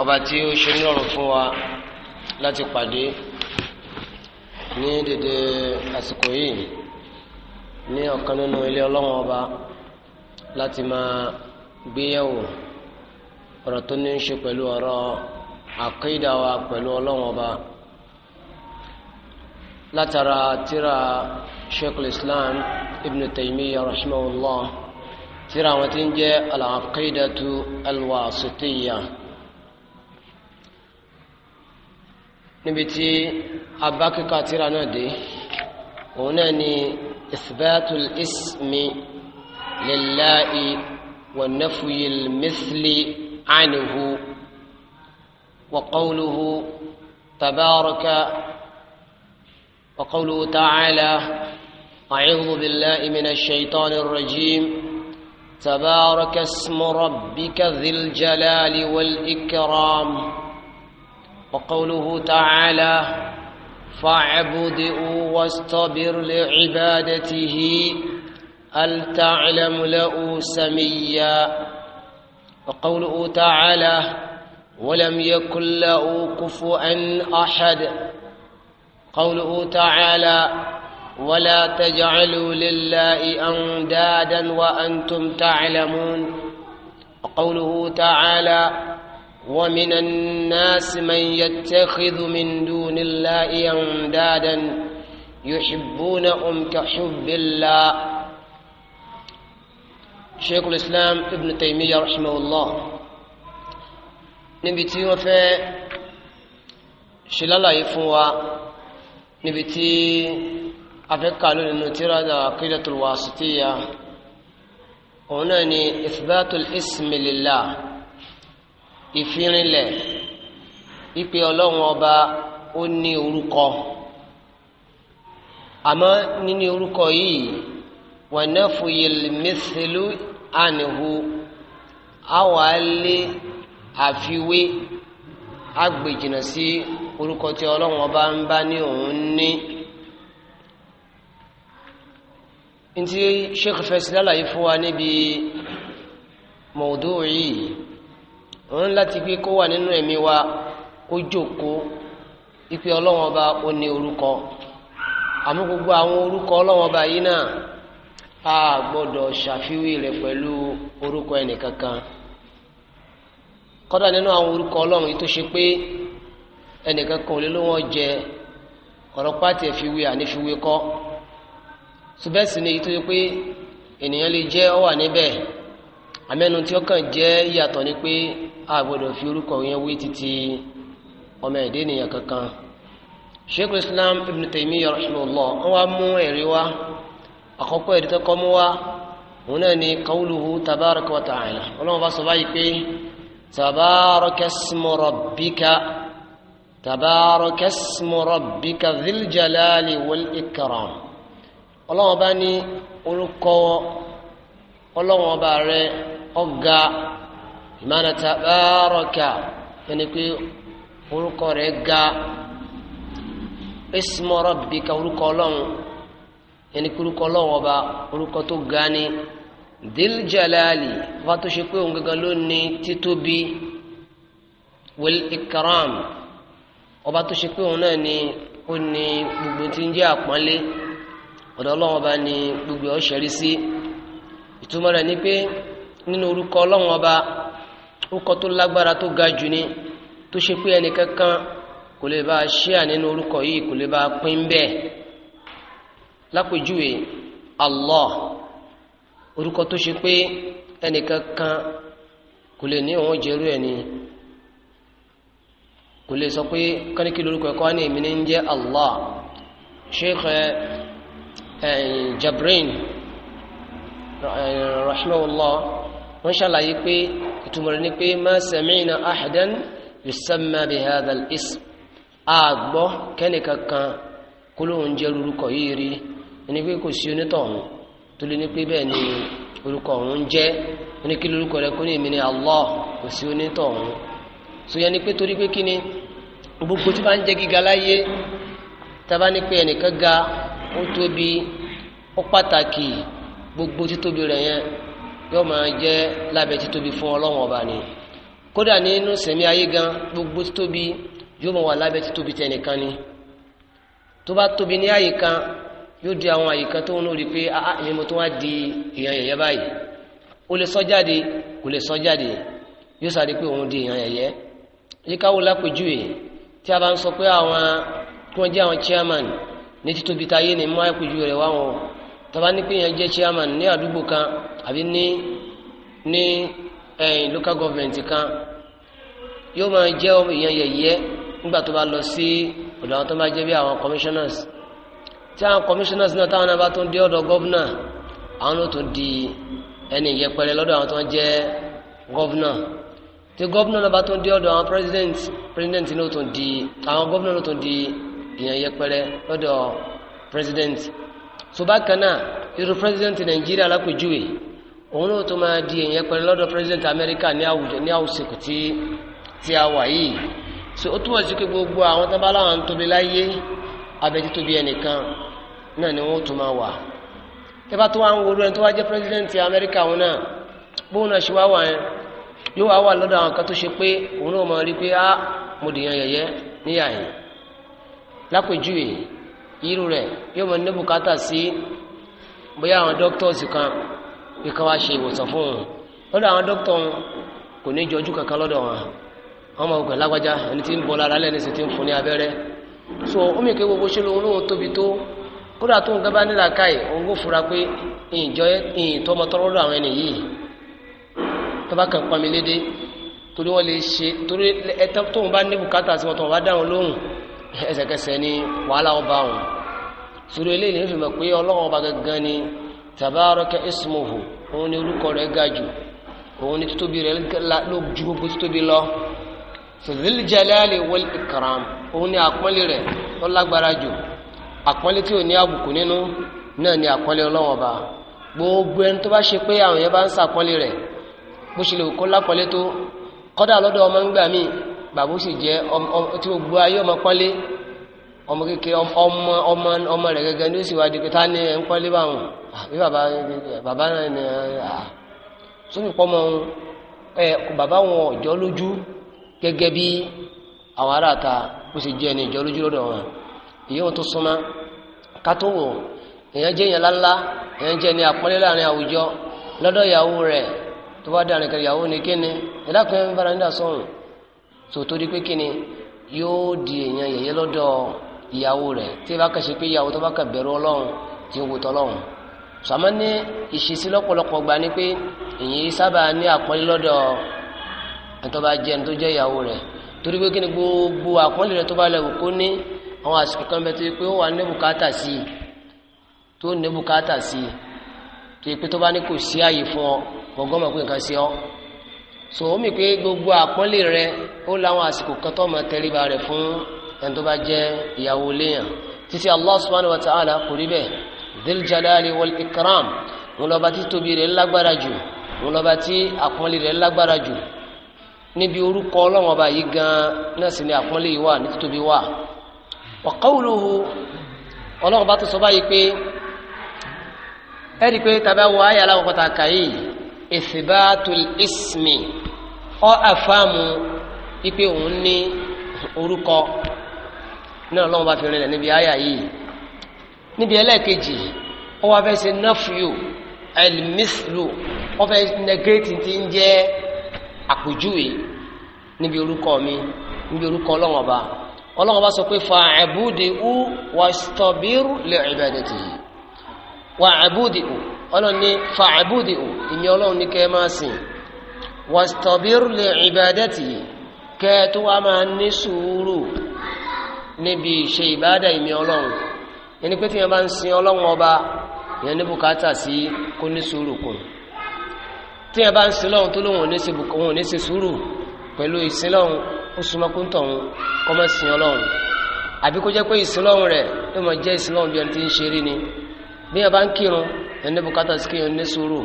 ọba tí ó ṣe nírọ̀rùn fún wa láti pàdé ní dédé àsìkò yìí ní ọ̀kan nínú ilé ọlọ́wọ́n ọba láti máa gbéyẹ̀wò ọ̀rọ̀ tó ní í ṣe pẹ̀lú ọ̀rọ̀ àkídà wa pẹ̀lú ọlọ́wọ́n ọba látara tíra sheikh islam ibn taymiyyah rahimahullah tíra àwọn tí ń jẹ́ al-aqidatu al نبتي تي أباك كاتيرا نادي هناني إثبات الاسم لله ونفي المثل عنه وقوله تبارك وقوله تعالى أعوذ بالله من الشيطان الرجيم تبارك اسم ربك ذي الجلال والإكرام وقوله تعالى فاعبدوا واستبر لعبادته هل تعلم له سميا وقوله تعالى ولم يكن له كفوا احد قوله تعالى ولا تجعلوا لله اندادا وانتم تعلمون وقوله تعالى ومن الناس من يتخذ من دون الله أندادا يحبونهم كحب الله شيخ الإسلام ابن تيمية رحمه الله نبي تي وفاء شلالا يفوا نبي تي أفكا لنترى عقيدة الواسطية هنا إثبات الاسم لله ìfirinlẹ̀ ìpè ọlọ́run ọba ó ní orúkọ àmọ́ níní orúkọ yìí wọn náà fòyèl mẹsẹlú ànihu àwọn alẹ àfiwé agbèjìnà sí orúkọ tí ọlọ́run ọba ń bá ní òun ní ntí sheikh lálàyé fún wa níbi mọ̀ọ́dọ́ yìí òun láti gbé kó wà nínú ẹ̀mí wa kó jókòó ipe ọlọ́wọ́n ọba ó ní orúkọ àmọ́ gbogbo àwọn orúkọ ọlọ́wọ́n ọba yìí náà a gbọ́dọ̀ ṣàfiwé rẹ̀ pẹ̀lú orúkọ ẹnìkankan kọ́dà nínú àwọn orúkọ ọlọ́run yìí tó ṣe pé ẹnìkankan ò lè ló wọ́n jẹ ọ̀rọ̀ pàtì ẹ̀fiwé ànífiwé kọ́ ṣùgbẹ́sì ni èyí tó ṣe pé ènìyàn lè jẹ́ ọ wà níbẹ̀ àmẹ́nu tí ó kàn jẹ́ ìyàtọ̀ ni pé a gbọ́dọ̀ fi orúkọ yẹn wé títí ọmọ ẹ̀dá ènìyàn kankan sheikh islam ibn taymiyyah rahimahullah wọ́n wá mú ẹ̀rí wá àkọ́kọ́ ẹ̀rí tọ́kọ́ mú wá òun náà ni qawluhu tabaraka ní orúkọ ọlọ́run rẹ̀ ọ̀gá ìmáàna tabaraka ẹni pé orúkọ rẹ̀ ga ismu rabbika orúkọ ọlọ́run ẹni pé orúkọ ọlọ́run ọba orúkọ tó ga ni dil jalali ọba tó ṣe pé òun gangan ló ní títóbi wal ikram ọba tó ṣe pé òun náà ni ó ní gbogbo tí ń jẹ́ àpọ́nlé ọ̀dọ̀ ọlọ́run ọba ni gbogbo ọ̀ṣẹ́rí sí ìtumọ̀ rẹ̀ ni pé nínú orúkọ ọlọ́run ọba orúkọ tó lágbára tó ga jù ni tó ṣe pé ẹnìkankan kò lè bá a ṣíà nínú orúkọ yìí kò lè bá a pín bẹ́ẹ̀ lápèjúwe Allah orúkọ tó ṣe pé ẹnìkankan kò lè ní òun jẹ́rú ẹ̀ ni kò lè sọ pé kánikí lórúkọ ẹ̀kọ́ ní èmi ní ń jẹ́ Allah Sheikh eh, eh, Jabrin eh, rahimahullah wọ́n ṣàlàyé pé ìtumọ̀ rẹ̀ ni pé ma sami'na ahadan yusamma bi hadha al-ism àgbọ́ kẹ́nìkankan kó lóun jẹ́ orúkọ yìí rí ẹni pé kò sí onítọ̀hún tó lé ní pé bẹ́ẹ̀ ni orúkọ ọ̀hún jẹ́ oníkí lórúkọ rẹ̀ kó ní èmi ni kò sí onítọ̀hún so yẹn ni pé torí pé kí ni gbogbo tí bá ń jẹ́ gíga láyé tábà ní pé ẹnìkan ga ó tóbi ó pàtàkì gbogbo títóbi rẹ̀ yẹn yóò máa jẹ́ lábẹ́ títóbi fún ọlọ́wọ́n ọba ni kódà nínú sẹ̀mí ayé gan gbogbo títóbi yóò máa wà lábẹ́ títóbi tẹnìkan ni tó bá tóbi ní àyè kan yóò di àwọn àyè kan tó ń lórí pé ah èmi mo tún wá di èèyàn yẹ̀yẹ́ báyìí ó lè sọ jáde kò lè sọ jáde yóò sáré pé òun di èèyàn yẹ̀yẹ́ yíkáwó lápèjúwe tí a bá ń sọ pé àwọn tí wọ́n jẹ́ àwọn chairman ní títóbi táyé ni mú àpèjúwe rẹ̀ wá wọn tọ́ba ní pé èèyàn jẹ́ chairman ní àdúgbò kan àbí ní ní ẹ̀yìn local government kan yóò máa jẹ́ ọmọ èèyàn yẹ̀yẹ́ nígbà tó bá lọ sí ọ̀dọ̀ àwọn tó bá jẹ́ bí àwọn commissioners tí àwọn commissioners náà táwọn náà bá tún dé ọ̀dọ̀ governor àwọn ló tún di ẹni ìyẹpẹrẹ lọ́dọ̀ àwọn tó ń jẹ́ governor tí governor náà bá tún dé ọ̀dọ̀ àwọn president president ló tún di àwọn governor ló tún di èèyàn ìyẹpẹrẹ lọ́dọ̀ president so bákan náà irú president Nàìjíríà lápèjúwe òun náà tó máa di èèyàn pẹ̀lú lọ́dọ̀ president America ní àwùjọ ní àwùsìnkù tí tí a wà yìí so ó túmọ̀ sí pé gbogbo àwọn tó bá láwọn ń tóbi láyé abẹ́tí tóbi ẹnìkan náà ni wọ́n tó máa wà tẹ́bá tó wá ń wọlé tó wá jẹ́ president America òun náà bóun náà ṣe wá wà yẹn yóò wá wà lọ́dọ̀ àwọn kan tó ṣe pé òun náà máa rí pé á mo dèèyàn yẹ̀yẹ́ níyà yìí lápèjúwe irú rẹ̀ yóò máa ní sí bóyá àwọn doctors kan pé ká wá ṣe ìwòsàn fún òun lọ́dọ̀ àwọn dókítà òun kò ní jọjú kankan lọ́dọ̀ wọn ọmọ ògùn lágbájá ẹni tí ń bọ́ lára lẹ́ni sì ti ń fún ní abẹ́rẹ́ so omi ìké gbogbo ṣe lóhun lóhun tóbi tó kódà tó ń gábá nílà káì òun kò fura pé ìjọ ìtọ́mọtọ́rọ́ lọ àwọn ẹni yìí tó bá kàn pami léde torí wọ́n lè ṣe torí ẹtọ́ tóun bá ní bùkátà sí wọn tó wọn bá dáhùn lóhùn tabaraka ismuhu òun ni orúkọ rẹ̀ ga jù òun ni títóbi rẹ̀ ló ju gbogbo títóbi lọ fìdíl jalali wal ikram òun ni àpọ́nlé rẹ̀ ó lágbára jù àpọ́nlé tí ò ní àbùkù nínú náà ni àpọ́nlé ọlọ́wọ́n ba gbogbo ẹni tó bá ṣe pé àwọn yẹn bá ń sàpọ́nlé rẹ̀ bó ṣe lè kó lápọ́nlé tó kọ́dà lọ́dọ̀ ọmọ ń gbà míì bàbá ó sì jẹ́ tí gbogbo ayé ọmọ pọ́nlé ọmọ kékeré ọmọ rẹ̀ gẹ́gẹ́ ní ó sì wá di pé ta ni ẹ̀ ń pọ́nlé báwọn àbí baba baba náà ni sórí pọ́mọ ẹ bàbá wọn ọ̀jọ́ lójú gẹ́gẹ́ bí àwọn aráàta ó sì jẹ́ ẹni ìjọ́ lójú lọ́dọ̀ wọn ìyẹ́ wọn tó súnmọ́ ká tó wọ̀ èèyàn jẹ́ èèyàn láńlá èèyàn jẹ́ ẹni àpọ́nlé láàrin àwùjọ lọ́dọ̀ ìyàwó rẹ̀ tó bá dáa nìkan ìyàwó ni kíni ìdákùnrin ń bára nídà sọ̀rùn tó tó di pé kíni yóò di èèyàn yẹ̀yẹ́ lọ́dọ̀ ìyàwó rẹ̀ tí ìbá ṣe pé ìyàwó tó bá kàn bẹ̀rù ọlọ́run tí ń wòtọ́ ọlọ́run sàmọ́ ní ìṣesí lọ́pọ̀lọpọ̀ gba ni pé èyí sábà ní àpọ́nlé lọ́dọ̀ ẹ̀tọ́ba jẹ́ ẹni tó jẹ́ ìyàwó rẹ̀ torí pé kí ni gbogbo àpọ́nlé rẹ̀ tó bá lẹ̀wò kó ní àwọn àsìkò kan bẹ́ẹ̀ tó yẹ pé ó wà ní bùkátà sí i tó ní bùkátà sí i tó yẹ pé tó bá ní kò sí àyè fún ọ gbọ̀ngàn pé nǹkan sí ọ so ó mì pé gbogbo àpọ́nlé rẹ̀ ó láwọn àsìkò kan tó mọ̀ tẹríba rẹ̀ fún ẹni tó bá jẹ́ ìyàwó léèyàn títí Allah subhanahu wa ta'ala kò rí bẹ́ẹ̀ ziljalali wal ikram wọn lọ́ba tí tóbi rẹ̀ lágbára jù wọn lọ́ba tí àpọ́nlé rẹ̀ lágbára jù níbi orúkọ ọlọ́run ọba yìí gan náà sì ni àpọ́nlé yìí wà ní títóbi wà wa qawluhu ọlọ́run bá tó sọ báyìí pé ẹ̀rí pé tàbí àwọn ayé aláwọ̀kọ̀tà kàyí ithbatul ismi ọ àfàmù wípé òun ní orúkọ náà ọlọ́run bá fi rìnlẹ̀ níbi ayé yìí níbi ẹlẹ́ẹ̀kejì ó wá fẹ́ ṣe nafyu ẹlmísìlù ó fẹ́ nẹgẹ́tì tí ń jẹ́ àpèjúwe níbi orúkọ mi níbi orúkọ ọlọ́run ọba ọlọ́run ọba sọ pé fa àbúdì ú wàstọ̀bírù lè ìbàdàtì wà àbúdì ú ọlọ́run ní fa àbúdì ú ìmí ọlọ́run ní kẹ́ẹ́ máa sìn wàstọ̀bírù lè ìbàdàtì kẹ́ẹ́ tó wá máa ní sùúrù níbi ìṣe ìbádà ìmí ọlọ́run ẹni pé tí yẹn bá ń sin ọlọ́run ọba yẹn ní bùkátà sí kó ní sùúrù kù tí yẹn bá ń sin lọ́run tó lóun ò ní ṣe sùúrù pẹ̀lú ìsin lọ́run ó súnmọ́ kó ń tọ̀hún kọ́ mọ́ sin ọlọ́run àbí kó jẹ́ pé ìsin lọ́run rẹ̀ yóò mọ̀ jẹ́ ìsin lọ́run bí ẹni tí ń ṣeré ni bí yẹn bá ń kírun yẹn ní bùkátà sí kéèyàn ní sùúrù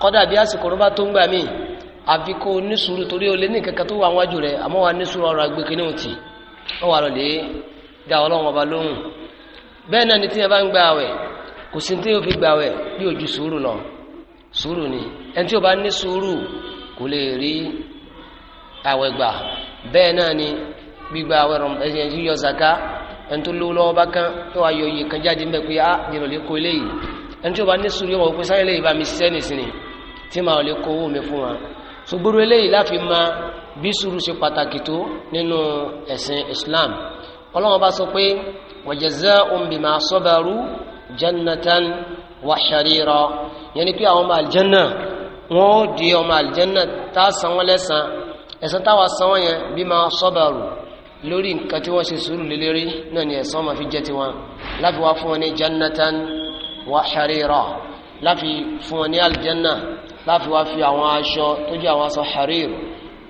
kọ́dà bí àsìkò rọ́bà tó ń gbà míì àfi kó ní sùúrù torí o lè ní kankan tó wà wájú rẹ̀ àmọ́ wà ní sùúrù ọ̀rọ̀ àgbékiní òtì ó wà lọ́lẹ́ dá ọlọ́run ọba lóhùn bẹ́ẹ̀ náà ni tí yẹn bá ń gba àwẹ̀ kò sí tí yóò fi gba àwẹ̀ bí ojú sùúrù lọ sùúrù ni ẹni tí o bá ní sùúrù kò lè rí àwẹ̀ gbà bẹ́ẹ̀ náà ni gbígba àwẹ̀ rọ̀ ẹ̀yìn yíyọ zaka ẹni tó lówó lọ́wọ́ bá kán tó wá yọ iye kan jáde mbẹ́ pé á dìrò lè kó eléyìí ẹni tí o bá ní sùúrù yóò mọ̀ pé sáyẹn lè bá mi ṣiṣẹ́ nìsín tí màá lè kó owó mi fún wa so eléyìí láfi ma bí sùúrù ṣe pàtàkì tó nínú ẹ̀sìn Islam ọlọ́wọ́n bá sọ pé wajaza'um bima sabaru jannatan wa harira yẹn ni pé àwọn ọmọ àlìjánà wọn ó di ọmọ àlìjánà tá a san wọn lẹ́san ẹ̀san táwa san wọn yẹn bima sabaru lórí nǹkan tí wọ́n ṣe sùúrù lélẹ́rí náà ni ẹ̀san máa fi jẹ́ tiwọn láfi wá fún wọn ní jannatan wa harira láfi fún wọn ní àlìjánà láfi wá fi àwọn aṣọ tó jẹ́ àwọn aṣọ harir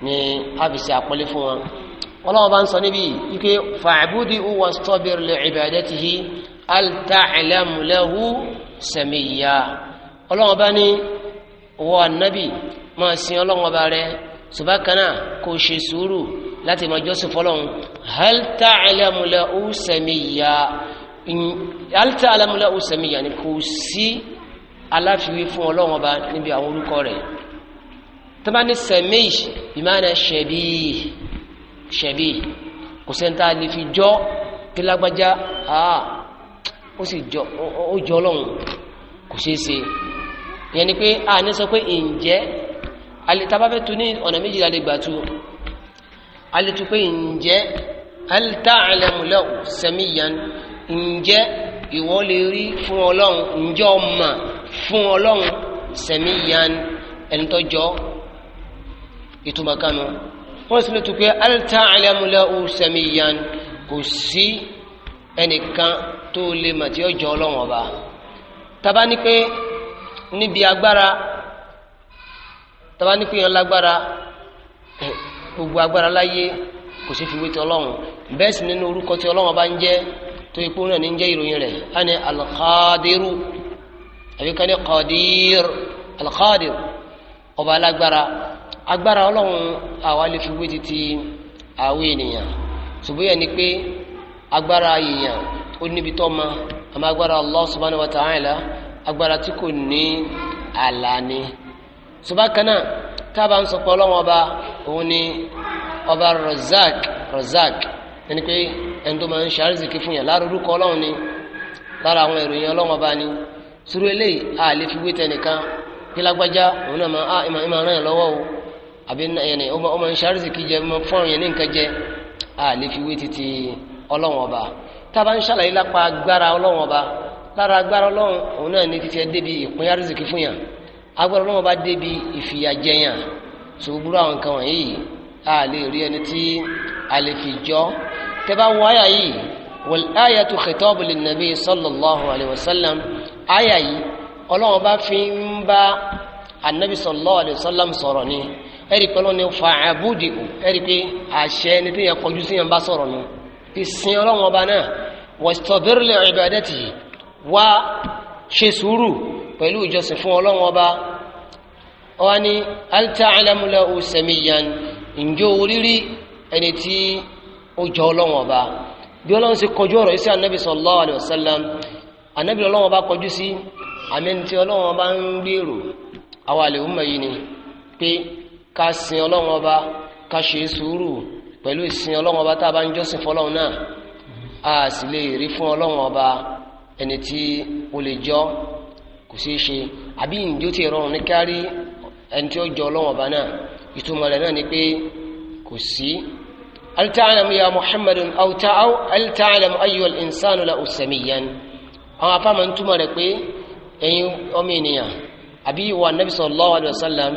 ni a fi ṣe àpọ́nlé fún wọn ọlọ́wọ́ bá ń sọ níbi ike fàbúdí uwa stọ́bìr lè ìbàdẹ́tìhì altàìlẹ́mùlẹ́hu sẹ̀mìyà ọlọ́wọ́ bá ní wọ ànábì máa sin ọlọ́wọ́ bá rẹ subakana kò ṣe sùúrù láti máa jọ́sìn fọlọ́hún altàìlẹ́mùlẹ́hu sẹ̀mìyà altàìlẹ́mùlẹ́hu sẹ̀mìyà ni kò sí aláfiwé fún ọlọ́wọ́ bá níbi àwọn orúkọ rẹ̀ tó ní sẹ̀mìyì ìmáà náà ṣẹ̀bíyì ṣẹ̀bí kò sẹ́ńtà lè fi jọ́ kí lágbájá àá ó sì jọ ó jọ lọ́hùn kò ṣeé ṣe ìyẹn ni pé a ní sọ pé ǹjẹ́ tabafẹ́ tu ní ọ̀nà méjì la lè gbà tu a lè tu pé ǹjẹ́ hal ta'lamu ǹjẹ́ ìwọ lè rí fún ọlọ́run ǹjọ́ mà fún ọlọ́run samiyan ẹnitọ́jọ́ ìtumọ̀ kanu wọ́n sì lótú pé alta alamulawu samiyan kò sí ẹnìkan tó lè mà tí ó jọ ọlọ́wọ́n ọba taba ni pé níbi agbára taba ni pé yẹn lágbára gbogbo agbára láyé kò sí fi wé ti ọlọ́run bẹ́ẹ̀ sì nínú orúkọ tí ọlọ́run ọba ń jẹ́ tó ipò náà ní jẹ́ ìròyìn rẹ̀ á ní alqadiru àbíká ní qadir ọba alágbára agbara ọlọ́run àwa lè fi wé títí àwọn ènìyàn ṣùgbọ́n yẹn ni pé agbára èèyàn ó níbi tó ma àmọ́ agbára Allah subhanahu wa ta'ala agbára tí kò ní àlà ni ṣùgbọ́n kanáà tábà ń sọpọ̀ ọlọ́run ọba òun ni ọba Razak Razak ẹni pé ẹni tó máa ń fún yàn lára ni lára àwọn ìròyìn ọlọ́run ọba ni eléyìí fi wé tẹnìkan lágbájá òun náà àbí ẹni ọmọ ìṣàrísìkí jẹ ọmọ fọ́rùn yẹn ní nǹkan jẹ a lè fi wé títí ọlọ́run ọba tábà ń ṣàlàyé lápá agbára ọlọ́run ọba lára agbára ọlọ́run òun náà ní títí ẹ débi ìpín àrísìkí fún yàn agbára ọlọ́run ọba débi ìfìyàjẹ yàn tó burú àwọn nǹkan wọ̀nyí a lè rí ẹni tí a lè fi jọ tẹ́bá wọ àyà yìí wal ayatu àyà yìí ọlọ́run ọba fi ẹ̀rí pẹ̀lú ni fa àbúdì o ẹ̀rí pé àṣẹ ẹni tó yẹn kọjú sí yẹn bá sọ̀rọ̀ nu ti sin ọlọ́run ọba náà wastabir li ibadatihi wá ṣe sùúrù pẹ̀lú ìjọsìn fún ọlọ́run ọba ọba ni hal ta'lamu lahu samiyyan ǹjọ́ orírí ẹni tí ó jọ ọlọ́run ọba bí ọlọ́run ṣe ká sin ọlọ́run ọba ká ṣe sùúrù pẹ̀lú ìsin ọlọ́run ọba tá a bá ń jọ́sìn fọlọ́run náà a sì lè rí fún ọlọ́run ọba ẹni tí o lè jọ kò sí í ṣe àbí ìjó ti rọrùn ní kárí ẹni tí ó jọ ọlọ́run ọba náà ìtumọ̀ rẹ̀ náà ni pé kò sí. alitaalam ya muhammadun awta aw alitaalam ayyul insanu la usamiyan àwọn afáàmà ń túmọ̀ rẹ̀ pé ẹ̀yin ọmọ ènìyàn àbí ìwà nabi sallallahu alayhi wa sallam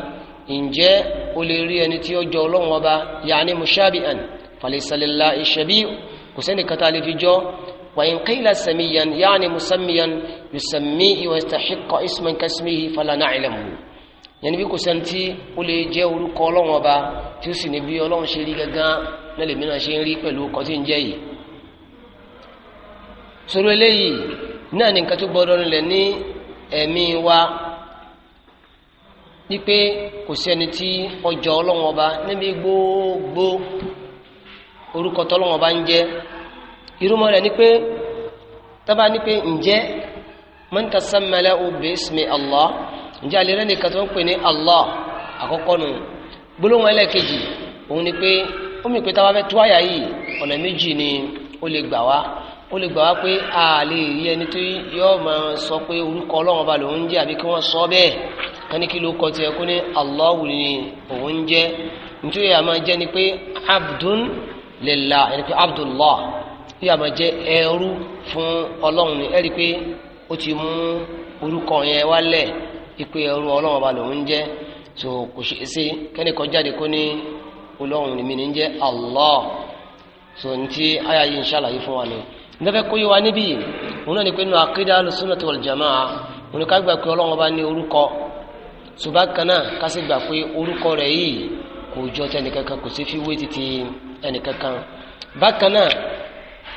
ǹjẹ́ o lè rí ẹni tí ó jọ ọlọ́run ọba yaani mushabihan falisalila ìṣẹ́bí kò sẹ́ni kata lè fi jọ wàyín kéèlà samiyan yaani musammiyan yusami ìwàstaxikọ isman kasmihi falana ilẹ̀mù yẹni bí kò sẹ́ni tí ó lè jẹ́ orúkọ ọlọ́run ọba tí ó sì ní bí ọlọ́run ṣe rí gangan náà lèmi ṣe ń rí pẹ̀lú ọkọ̀ tí ń jẹ́ yìí sọ̀rọ̀ eléyìí náà ní nǹkan tó gbọ́dọ̀ nílẹ̀ ní ẹ̀mí wa wípé kò sẹ́ni tí ọjọ́ ọlọ́wọ́n ọba níbi gbogbo orúkọ tọ́lọ́wọ́n ọba ń jẹ́ irúmọ̀ rẹ̀ ni pé tábà ní pé ǹjẹ́ mọ́ńtà sàmẹ́lẹ́ obì ismi Allah ǹjẹ́ ń pè ní Allah àkọ́kọ́ nù gbólóhùn òun ni pé ó mì pé tábà fẹ́ tó àyà yìí ọ̀nà méjì ni ó lè gbà wá ó lè gbà wá pé a lè rí ẹni tó yọ máa sọ pé orúkọ ọlọ́run ọba lòun ń jẹ́ àbí kí wọ́n sọ bẹ́ẹ̀ kán kí ló kọ tiẹ̀ kó ní Allahu ni òun ń jẹ́ nítorí àmọ́ jẹ́ ni pé abdun lela ẹni pé abdullah bí àmọ́ jẹ́ ẹrú fún ọlọ́run ni ẹ̀rí pé ó ti mú orúkọ yẹn wálẹ̀ ipe ẹrú ọlọ́run ọba lòun jẹ́ so kò ṣe é ṣe kẹ́ni kan kó ní ọlọ́run ni mi ní jẹ́ Allah so ní ti àyà yìí ń ṣàlàyé fún wa ni nígbà kó yíwa níbí yìí òun náà ni pé nínú àkídà alùsùnàtì wal jamaa òun ni ká gbà pé ọlọ́run ọba ní orúkọ ṣùgbọ́n kan náà ká sì gbà pé orúkọ rẹ̀ yìí kò jọ ti ẹnìkankan kò sí fi wé títí ẹnìkankan bákan náà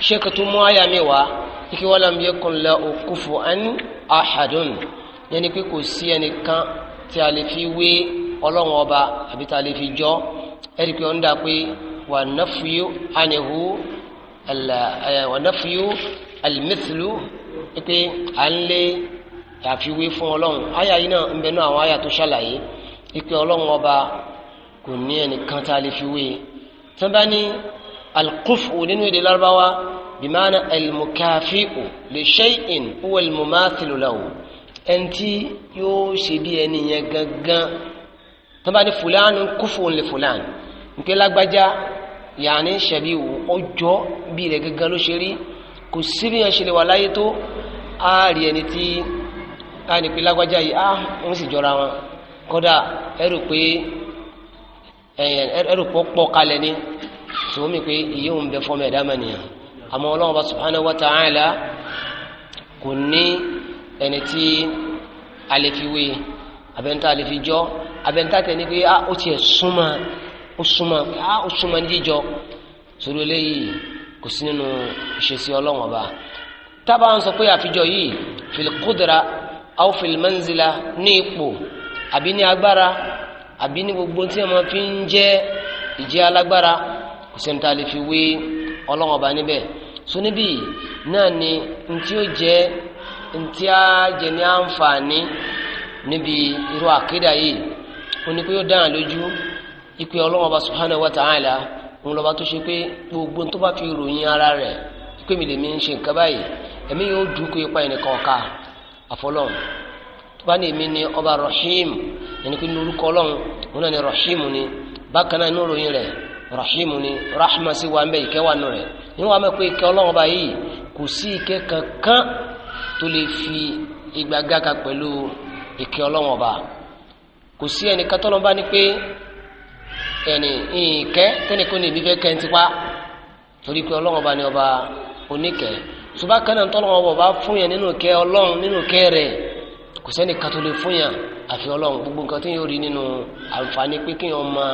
ṣéèkì tó mú àyà mi wá kíkí wọ́n làm yẹ kàn lọ kufuwan ahadun yẹn ni pé kò sí ẹnìkan tí a lè fi wé ọlọ́run ọba àbí tá a lè fi jọ ẹ̀rí ọ̀ ń dà pé wà náfíù ànihu wọnàfíù alimẹsìlú pé à ń lé àfiwé fún ọlọ́run àyà yìí náà ń bẹ náà àwọn àyà tó ṣàlàyé pé ọlọ́run ọba kò ní ẹnìkan tá a lè fi wé tí wọ́n bá ní alkufu nínú èdè lárúbáwá bìmánà almukafi'u li shay'in huwa almumathilu lahu ẹni tí yóò ṣe bí ẹni yẹn gangan tí wọ́n bá ní fúlàánù kúfù li fúlàánù nípe lágbájá yàní ṣẹ̀bí wò ọjọ́ bí rẹ̀ gangan ló ṣe rí kò sí bí yẹn ṣe lè wà láyé tó á rí ẹni tí á ní pé lágbájá yìí á ń sì jọra wọn kódà ẹrù pé ẹrù kalẹ̀ ni tó mi pé ìyẹ́ òun bẹ fọ́mọ ẹ̀dá mẹ́nìyàn àmọ́ ọlọ́run bá subhanahu wa ta'ala kò ní ẹni tí a lè fi wé abẹ́ntà lè fi jọ́ abẹ́ntà tẹ̀ ní pé ó tiẹ̀ súnmọ́ ó súnmọ́ á ó súnmọ́ ní jíjọ sórí eléyìí kò sí nínú ìṣesí ọlọ́wọ́n ọba tábà ń sọ pé àfijọ yìí filikudra aw filimanzila ní ipò àbí ní agbára àbí ní gbogbo tí wọn fi ń jẹ ìjẹ alágbára kò sẹ́ni tá a lè fi wé ọlọ́wọ́n ọba níbẹ̀ so níbí náà ni ntí ó jẹ ntí á jẹ ní àǹfààní níbi irú àkídà yìí ó ní lójú ìpè ọlọ́wọ́ba subhanahu wa ta'ala òun lọ́ba tó ṣe pé gbogbo tó bá fi ròyìn ara rẹ̀ pé mi lè mi ń ṣe nǹkan báyìí ẹ̀mí yóò dùn kó ipa ẹnìkan ọ̀ka àfọlọ́n tó bá ní èmi ni ọba rahim ẹni pé lórúkọ ọlọ́run òun náà ni rahim ni bákan náà inú ròyìn rẹ̀ rahim ni rahma sí wa ń bẹ ìkẹ́ wà nù rẹ̀ nínú wa mẹ́ pé ìkẹ́ ọlọ́wọ́ba yìí kò sí ìkẹ́ kankan tó lè fi ìgbàgàkà pẹ̀lú ìkẹ́ ọlọ́wọ́ba kò sí ẹnìkan tọ́lọ́ ẹni ìkẹ́ tẹ́nìkan ní ìbí fẹ́ kẹ́ ń tipa torí pé ọlọ́run ọba ni ọba oníkẹ́ ṣùgbọ́n kẹ́nà tọ́lọ́run ọba ọba fún yẹn nínú kẹ́ ọlọ́run nínú kẹ́ rẹ̀ kò sẹ́ni kan tó lè fún yẹn àfi ọlọ́run gbogbo nǹkan tó yẹn rí nínú àǹfààní pé kí yẹn mọ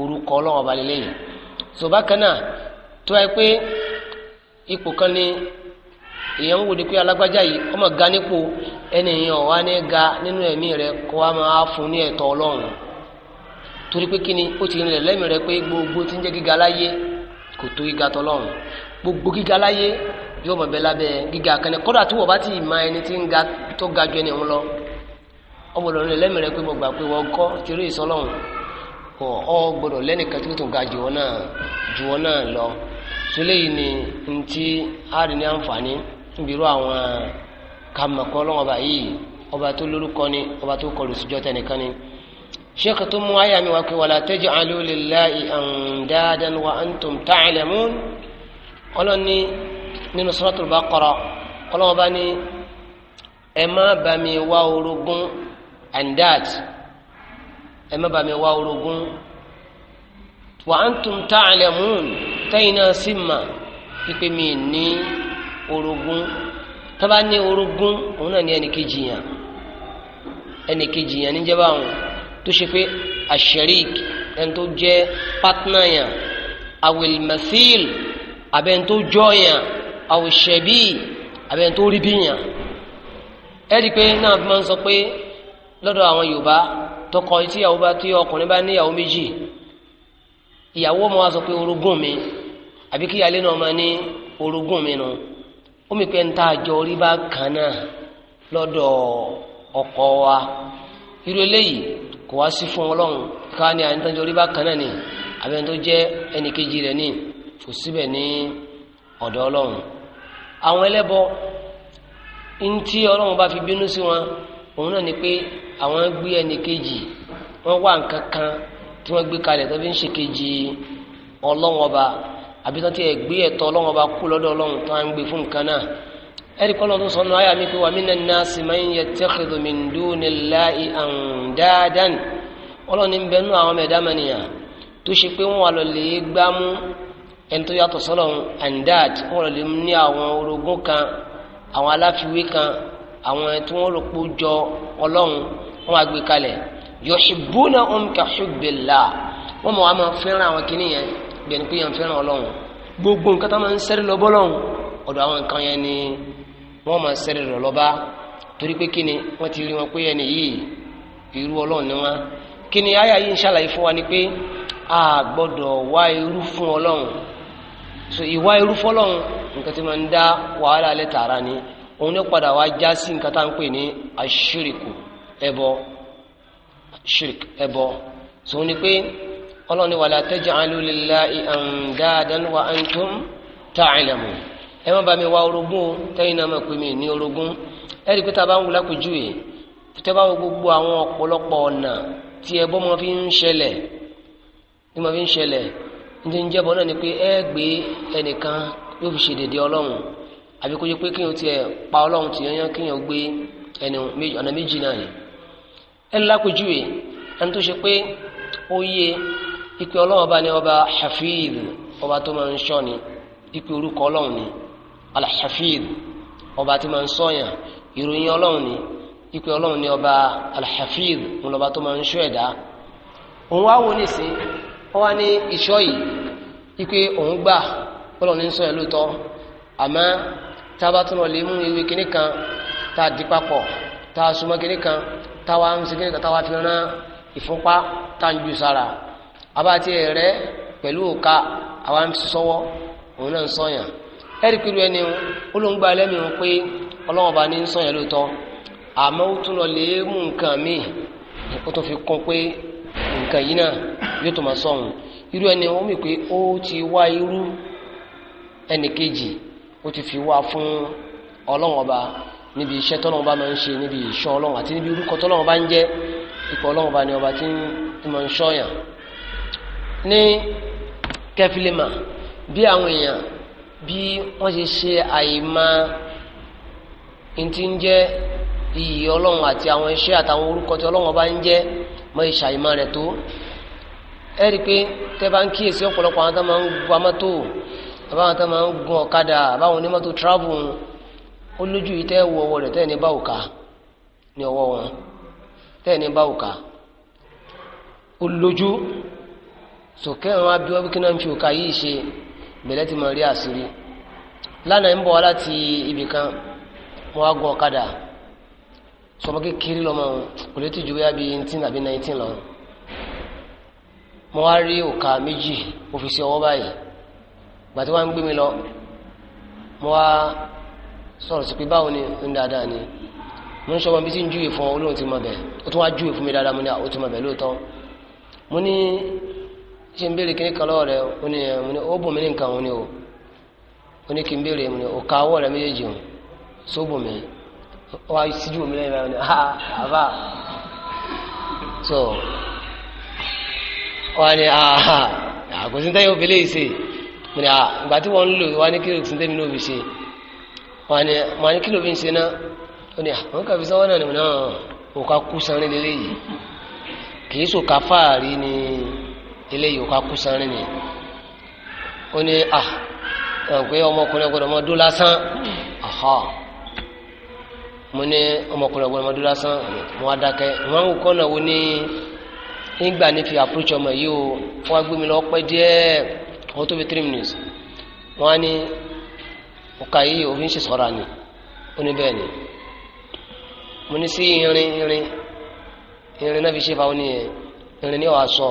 orúkọ ọlọ́run ọba lélẹ́yìn ṣùgbọ́n kẹ́nà tó wáyé pé ipò kan ni èèyàn ń wò ni pé alágbájá yìí ọmọ ga nípò ẹni èèyàn wá ní ga nínú ẹ̀mí rẹ̀ kó wá máa fún ní ẹ̀tọ́ ọlọ́run torí pé kíni ó ti rìnlẹ̀ lẹ́mìí rẹ pé gbogbo tí ń jẹ́ gíga láyé kò tó gbogbo gíga láyé yóò mọ̀ lábẹ́ gíga kẹ́ni kódà tí wọ́n bá ti ma ẹni tí ń ga tó ga ju ẹni òun lọ ọgbọ̀dọ̀ rìnlẹ̀ lẹ́mìí rẹ pé mo gbà pé wọ́n kọ́ ti rí lẹ́nìkan tí ó tún ga ju ọ náà ju ọ náà ni a ní àǹfààní irú àwọn kàmọ̀kọ́ ọlọ́wọ́n ọba yìí ọba tó sheikh tó mú àyà mi wá pé wàlá taj'alu lillahi andadan wa antum ta'lamun ọlọ́ni nínú suratul baqara ọlọ́wọ́n bá ní ẹ má bá mi wá orogún andad ẹ má bá mi wá orogún wa antum ta'lamun tẹ́yìn náà sì mà pípé mi ní orogún tọ́ba ní orogún òun náà ní ẹnìkejì yàn ẹnìkejì yàn níjẹ́ báwọn tó ṣe pé asherik ẹni tó jẹ́ pátánà yàn awilmasil abẹ́ni tó jọ yàn awusẹ̀bí abẹ́ni tó rí bí yàn ẹ̀rí pé náà fi máa ń sọ pé lọ́dọ̀ àwọn yorùbá tọkọ tí ìyàwó bá tí ọkùnrin bá níyàwó méjì ìyàwó ọmọ wa sọ pé orogún mi àbí kí ìyàlẹ́ náà máa ní orogún mi nu ó mi pé ń tá àjọ orí bá kan náà lọ́dọ̀ ọkọ wa irú eléyìí kò wá sí fún ọlọ́run ká ní àyíntàn orí bá kan náà ni àbẹ́ni tó jẹ́ ẹnì kejì rẹ̀ ní kò síbẹ̀ ní ọ̀dọ̀ ọlọ́run àwọn ẹlẹ́bọ ntí ọlọ́run bá fi bínú sí wọn òun náà ni pé àwọn gbé ẹnì kejì wọ́n wá nǹkan kan tí wọ́n gbé kalẹ̀ tó fi ń ṣe kejì ọlọ́run ọba àbí tó ti ẹ̀ gbé ẹ̀tọ́ ọlọ́run ọba kú lọ́dọ̀ ọlọ́run tó à ń gbé fún nǹkan náà ẹ̀rí kọ́ lọ́dún sọ́nù ayà mi pé wà mí nàá náà sì máa ń yẹ tẹ́kìdù mi dùn ní láì àǹdáadáa ni ọlọ́ni ń bẹ nú àwọn mẹ́ẹ̀dá mẹ́niyàn tó ṣe pé wọ́n wà lọ lè gbámú ẹni tó yàtọ̀ sọ́lọ̀ àǹdáàd wọ́n lọ lè ní àwọn orogún kan àwọn aláfiwé kan àwọn tí wọ́n lò pọ̀ jọ ọlọ́run wọ́n wá gbé kalẹ̀ yọ̀ṣìbúnà ọ̀nkà ṣùgbẹ́là wọ́n wọ́n máa sẹ́rẹ̀ rẹ̀ lọ́ba torí pé kí ni wọ́n ti rí wọn pé ẹni yìí irú ọlọ́run ni wọ́n kí ni àyà yìí ń ṣàlàyé fún wa ni pé a gbọ́dọ̀ wá irú fún ọlọ́run so ìwá irú fọlọ́run nǹkan tí máa ń dá wàhálà alẹ́ tààrà ni òun ní padà wá já sí nǹkan tá à ń pè ní aṣíríkù ẹbọ ṣírík ẹbọ so ni pé ọlọ́run ni wala taj'alu lillahi andadan wa antum ta'lamun ẹ má bá mi wá orogún tẹ́yìn náà mọ̀ pé mi ní orogún ẹ rí i pé tá a bá ń wula kojú yìí tẹ́ bá wo gbogbo àwọn ọ̀pọ̀lọpọ̀ ọ̀nà tí ẹbọ máa fi ń ṣẹlẹ̀ ní máa fi ń ṣẹlẹ̀ ní ń jẹ́bọ náà ni pé ẹ gbé ẹnìkan yóò fi ṣe ọlọ́run àbí kó yẹ pé kéèyàn tiẹ̀ pa ọlọ́run tì yányán kéèyàn gbé ẹni ọ̀nà méjì náà ni ẹ ńlá kojú yìí ẹni tó ṣe pé ó yẹ ipe ọlọ́run ọba ni ọba hafiz ọba tó máa ń ṣọ́ ni ipe orúkọ ọlọ́run ni alḥafid ọba tí máa ń sọyàn ìròyìn ọlọ́run ni ìpè ọlọ́run ni ọba alḥafid ń lọ́ba tó máa ń sọ ẹ̀dá òun wá wo nísìn wọ́n wá ní ìṣọ́ yìí ìpè òun gbà ọlọ́run ní sọyàn lóòótọ́ àmọ́ tába tó lọ lè mú ewé kíní kan tá a di papọ̀ tá a súnmọ́ kíní kan táwa ń ṣe kíní kan táwa fi rán ìfúnpá tá a ń ju sára abá ti rẹ pẹ̀lú òka àwa ń sọwọ́ òun náà ń sọyàn ẹ̀rí pẹ̀lú ẹni olóńgbà lẹ́mìí wọn pé ọlọ́wọ́n bá ní sàn yẹn lóòótọ́ àmọ́ ó tún lọ lè mú nǹkan míì ó tún fi kún pé nǹkan yìí náà yóò tó máa sọ̀hún irú ẹni wọn mì pé ó ti wá irú ẹnì kejì ó ti fi wá fún ọlọ́wọ́n níbi iṣẹ́ tọ́lọ́wọ́n máa ń ṣe níbi ìṣọ́ ọlọ́wọ́n àti níbi orúkọ tọ́lọ́wọ́n ń jẹ́ ipò ọlọ́wọ́n bá ọba tí ń ṣọ́yàn ní kẹfìlẹ́mà bí àwọn èèyàn bí wọ́n ṣe ṣe àìmọ̀ ntí ń jẹ́ iyì ọlọ́run àti àwọn iṣẹ́ àtàwọn orúkọ tí ọlọ́run ọba ń jẹ́ mọ ìṣàìmọ̀ rẹ̀ tó ẹ rí i pé tẹ́ bá ń kíyèsí ọ̀pọ̀lọpọ̀ àwọn tó máa ń gba mọ́tò àbáwọn tó máa ń gun ọ̀kadà àbáwọn onímọ́tò travel ó lójú yìí tẹ́ wọ ọwọ́ rẹ̀ tẹ́ ní bá òkà ní ọwọ́ wọn tẹ́ ní bá òkà ó lójú sòkè àwọn abíwábí kí náà ń fi òkà yìí ṣe bẹ̀lẹ́ ti mọ̀ rí àṣírí lánàá ń bọ̀ wá láti ibì kan mo wá gun ọ̀kadà sọmọ kékeré lọmọ kò lè tìjú bóyá bíi eighteen àbí nineteen lọ mo wá rí òkà méjì mo fi sí ọwọ́ báyìí gbà tí wọ́n ń gbé mi lọ mo wá sọ̀rọ̀ sí pé báwo ni ń dáadáa ni mo ń sọ́wọ́n bí tí ń júwe fún ọ mọ̀ bẹ̀ ó tún wá júwe fún mi dáadáa mo ní àwọn ó ti mọ̀ bẹ̀ lóòótọ́ mo ní ṣe ń béèrè kí ní kan lọ́wọ́ rẹ ó ní ẹ̀mú ní ó bùn mí ní nǹkan òun o ó ní kí n béèrè ẹ̀mú ní ó ka ọwọ́ rẹ méjèèjì òun só bùn mí wá síjú mi lẹ́yìn rẹ àbá so wọ́n ní aha àkóso tẹ́yìn obìnrin yìí ṣe mo ní àgbà tí wọ́n ń lò wọ́n ní kí lóògùn tẹ́mi náà fi ṣe wọ́n ní wọ́n ní kí lóògùn ṣe náà ó ní àwọn kàfi sanwó náà nìmọ̀ náà òkà kú sanrin lélẹ́yìí kì í eléyìí ò ká kú sanrin ni ó ní à pé ọmọkùnrin ọgbọdọ ọmọdú lásán àhà mo ní ọmọkùnrin ọgbọdọ ọmọdú lásán mo wá dákẹ́ ìmọ̀ àwọn kọ́nà wo ní nígbà ní fi àpúrúchì ọmọ yìí o wọ́n gbé mi lọ pẹ́ díẹ̀ wọ́n tó fi three minutes wọ́n á ní ọkà yìí òfin ṣe sọ́ra ni ó ní bẹ́ẹ̀ ni mo ní sí irin irin irin náà fi ṣe fa ó irin ní ọ̀ aṣọ.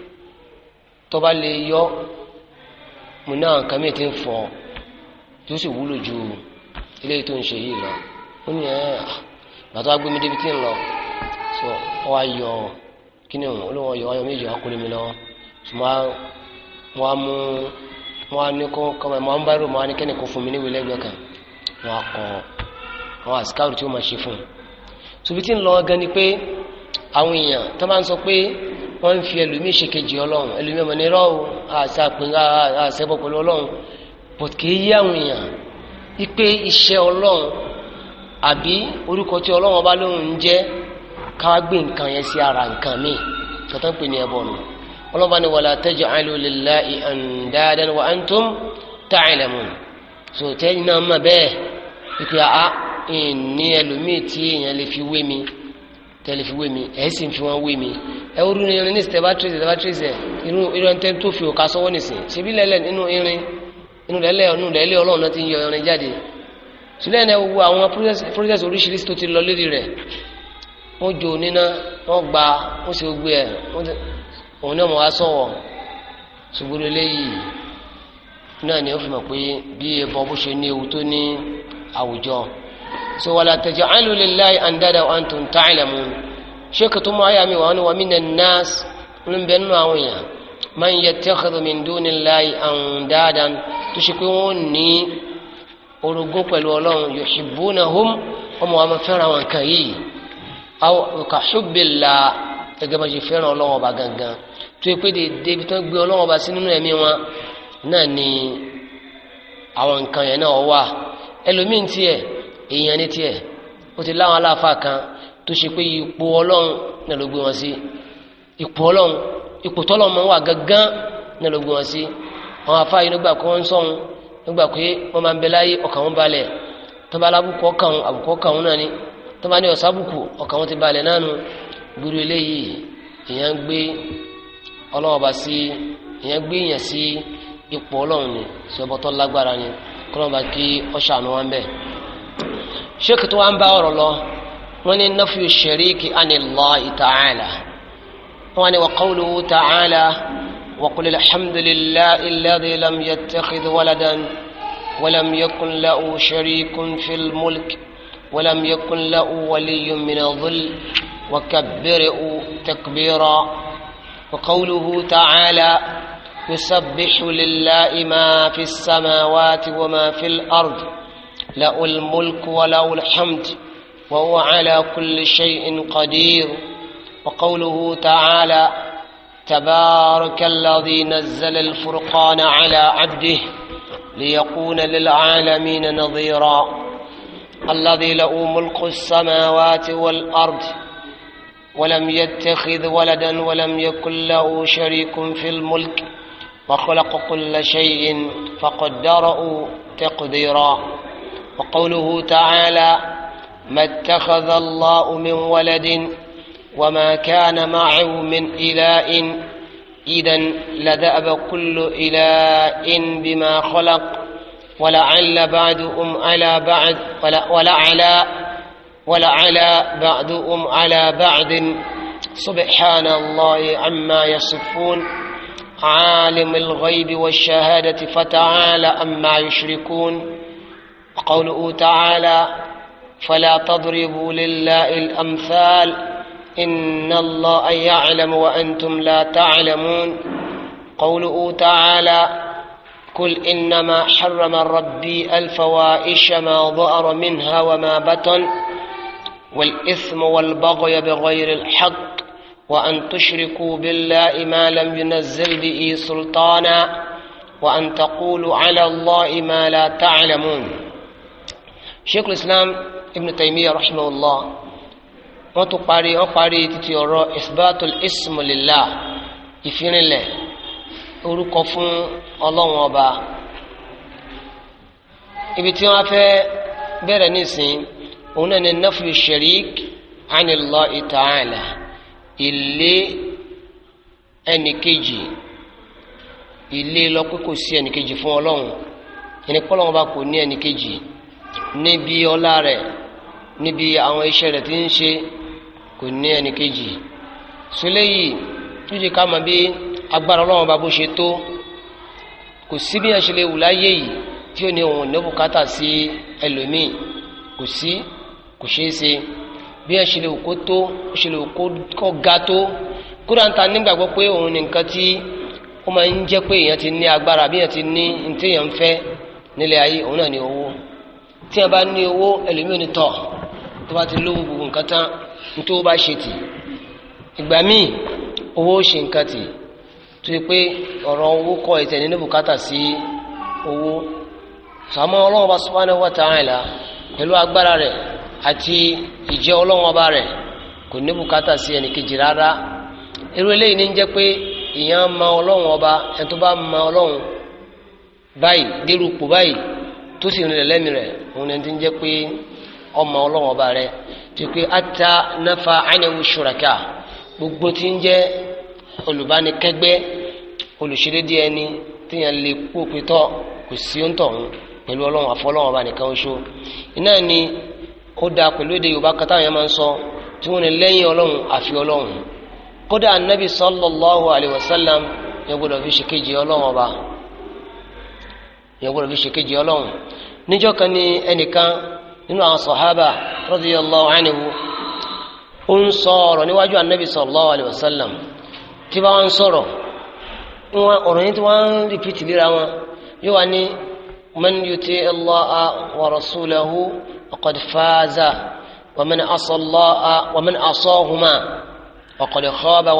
tó bá lè yọ mo ní àwọn kàmí ti ń fọ tó sì wúlò ju eléyìí tó ń ṣe yìí lọ ó ní ẹ ah, bàtà wá gbé mi débi tí ń lọ sọ ọ wá yọ kí ni òun olówó yọ ọyọ méjì wá kúrò mi lọ sọ ma mo mú mo ní kó kọ́ mo á ń bá rò mo á ní kẹ́ni kó fún mi níwèé lẹ́gbẹ̀ẹ́ kan mo á àwọn àsìkáàrù tí ó máa ṣe fún un. tòbí tí ń lọ gan ni pé àwọn èèyàn tó máa ń sọ pé wọ́n ń fi ẹlòmíì ṣe kejì ọlọ́run ẹlòmíì ọmọ nírọ́ o àṣàpín àṣẹbọ pẹ̀lú ọlọ́run but kì í yé àwọn èèyàn wípé iṣẹ́ ọlọ́run àbí orúkọ tí ọlọ́run ọba lóhùn ń jẹ́ káwá gbé nǹkan yẹn sí ara nǹkan míì tọ́tọ́ pè ní ẹbọ nù ọlọ́ba ni wala taj'alu lillahi andadan wa antum ta'lamun sòtẹ́yìn náà mọ̀ bẹ́ẹ̀ wípé àá ní ẹlòmíì tí èèyàn lè fi wé mi tẹ́lẹ̀ wé mi ẹ̀ sì ń fi wọ́n wé mi ẹ wúru ní irin ní ìsìtẹ́bá tírèsì ìsìtẹ́bá tírèsì ẹ̀ irú irú ẹni tẹ́ tó fi òka sọ́wọ́ nìsín ṣebí lẹ́lẹ̀ nínú irin inú lẹ́lẹ̀ inú lẹ́lẹ̀ ọlọ́run náà ti ń yọ irin jáde sílẹ̀ náà wo àwọn process oríṣiríṣi tó ti lọ lérí rẹ̀ wọ́n jó níná wọ́n gba wọ́n ṣe gbé ẹ̀ òun náà mọ̀ wá sọ̀wọ́ ṣùgbọ́n eléyìí náà ni ó fi mọ̀ pé bí ẹbọ bó ṣe ní ewu tó ní àwùjọ so wala taj'alu lillahi andada wa antum ta'lamun ṣé kò tó mọ àyà mi wà ní wa minan nas ń bẹ nínú àwọn èèyàn man yattakhidhu min dunillahi andadan tó ṣe pé wọ́n ní orogún pẹ̀lú ọlọ́run yuhibbunahum ọmọ wa máa fẹ́ràn àwọn nǹkan yìí aw ka hubbillah gẹ́gẹ́ bá ṣe fẹ́ràn ọlọ́run ọba gangan tó yẹ pé dédé ibi tó ń gbé ọlọ́run ọba sí nínú ẹ̀mí ni àwọn nǹkan yẹn náà wà tiẹ̀ èèyàn ní tiẹ̀ ó ti láwọn aláàfáà kan tó ṣe pé ipò ọlọ́run náà ló gbé wọn sí ipò ọlọ́run ipò tọ́lọ́mọ wà gangan náà ló gbé wọn sí àwọn afáà yìí nígbà kó ń sọ̀hún nígbà pé wọ́n máa ń bẹ láyé ọkàn wọn balẹ̀ tọ́ba alábùkù ọkàn àbùkù ọkàn wọn náà ni tọ́ba ní ọ̀sábùkù ọkàn wọn ti balẹ̀ náà nu gbúrú eléyìí èèyàn gbé ọlọ́wọ́ba sí èèyàn gbé èèyàn sí ipò ọlọ́run ni sọ́bọ́tọ́ lágbára ni kọ́lọ́ba kí ọ̀ṣà àánú wọn bẹ́ẹ̀. شيخ تو ان باور الله وني نفي الشريك عن الله تعالى وني وقوله تعالى وقل الحمد لله الذي لم يتخذ ولدا ولم يكن له شريك في الملك ولم يكن له ولي من الظل وكبره تكبيرا وقوله تعالى يسبح لله ما في السماوات وما في الارض له الملك وله الحمد وهو على كل شيء قدير وقوله تعالى تبارك الذي نزل الفرقان على عبده ليكون للعالمين نظيرا الذي له ملك السماوات والأرض ولم يتخذ ولدا ولم يكن له شريك في الملك وخلق كل شيء فقدره تقديرا وقوله تعالى ما اتخذ الله من ولد وما كان معه من إله إذا لدأب كل إله بما خلق ولعل بعدهم على بعد ولعل ولعل بعضهم على بعد سبحان الله عما يصفون عالم الغيب والشهادة فتعالى أما يشركون وقوله تعالى فلا تضربوا لله الأمثال إن الله يعلم وأنتم لا تعلمون قوله تعالى قل إنما حرم ربي الفوائش ما ظهر منها وما بطن والإثم والبغي بغير الحق وأن تشركوا بالله ما لم ينزل به سلطانا وأن تقولوا على الله ما لا تعلمون sheikhul islam ibn taymiyyah rahimahullah wọ́n tún parí wọ́n parí títí ọ̀rọ̀ isbatul ismulillah ìfirinlẹ̀ orúkọ fún ọlọ́run ọba ibi tí wọ́n fẹ́ bẹ̀rẹ̀ nísìn òun náà ni naflu sharik anillahi ta'ala ilé ẹnìkejì ilé lọ pé kò sí ẹnìkejì fún ọlọ́run ẹnìkọ́lọ́run ọba kò ní ẹnìkejì níbi ọlá rẹ̀ níbi àwọn iṣẹ́ rẹ̀ tí ń ṣe kò ní ẹnì kejì sọlẹ́ yìí tó ṣe ká mọ̀ bí agbára ọlọ́run bá bó ṣe tó kò sí bí yẹn ṣe lè wù láyé yìí tí ó ní òun ní bùkátà sí ẹlòmíì kò sí kò ṣeé ṣe bí yẹn ṣe lè kó tó ṣe lè kó ga tó kódà ń nígbàgbọ́ pé òun ní tí ó máa ń jẹ́ pé èèyàn ti ní agbára bí yẹn ti ní ní tí èèyàn ń fẹ́ nílé ayé òun náà ní owó tí a bá ní owó ẹlòmíì ní tọ̀ tó bá ti lówó gbogbo nǹkan tán ní tó bá ṣe tì ìgbà míì owó ṣe nǹkan tì tó yẹ pé ọ̀rọ̀ owó kọ ìtẹ̀ nínú bùkátà sí owó sàmọ́ ọlọ́run bá subhanahu wa ta'ala pẹ̀lú agbára rẹ̀ àti ìjẹ́ ọlọ́run ọba rẹ̀ kò ní bùkátà sí ẹnìkejì rárá irú eléyìí ní jẹ́ pé ìyẹn ma ọlọ́run ọba ẹni tó bá ma ọlọ́run báyìí dérúpọ̀ báyìí tó sì rìn lẹ́mí rẹ̀ òun ni ti ń jẹ́ pé ọmọ ọlọ́run ọba rẹ̀ ti pé ata nafa ainihu shuraka gbogbo ti ń jẹ́ olùbánikẹ́gbẹ́ olùṣèdédé ẹni téèyàn lè pópe tọ́ kò sí ń tọ̀hún pẹ̀lú ọlọ́run àfọlọ́run ọba nìkan oṣù iná ni ó da pẹ̀lú èdè yorùbá kan táwọn yẹn máa ń sọ tí wọ́n ní lẹ́yìn ọlọ́run àfi ọlọ́run kódà anabi sallallahu alayhi wa sallam yẹn gbọ́dọ̀ fi ṣe kejì ọlọ́run ọba ìyẹn gbọ́dọ̀ fi ṣe kejì ọlọ́run níjọ́ kan ní ẹnìkan nínú àwọn sọ̀hábà radiyallahu anhu ó ń sọ ọ̀rọ̀ níwájú anabi sallallahu alayhi wa sallam tí bá wọn sọ̀rọ̀ wọn ọ̀rọ̀ yìí tí wọ́n ń rìpítì léra wọn yóò wá ní man yuti allaha wa rasulahu faqad faza wa man asa allaha wa man asahuma faqad khaba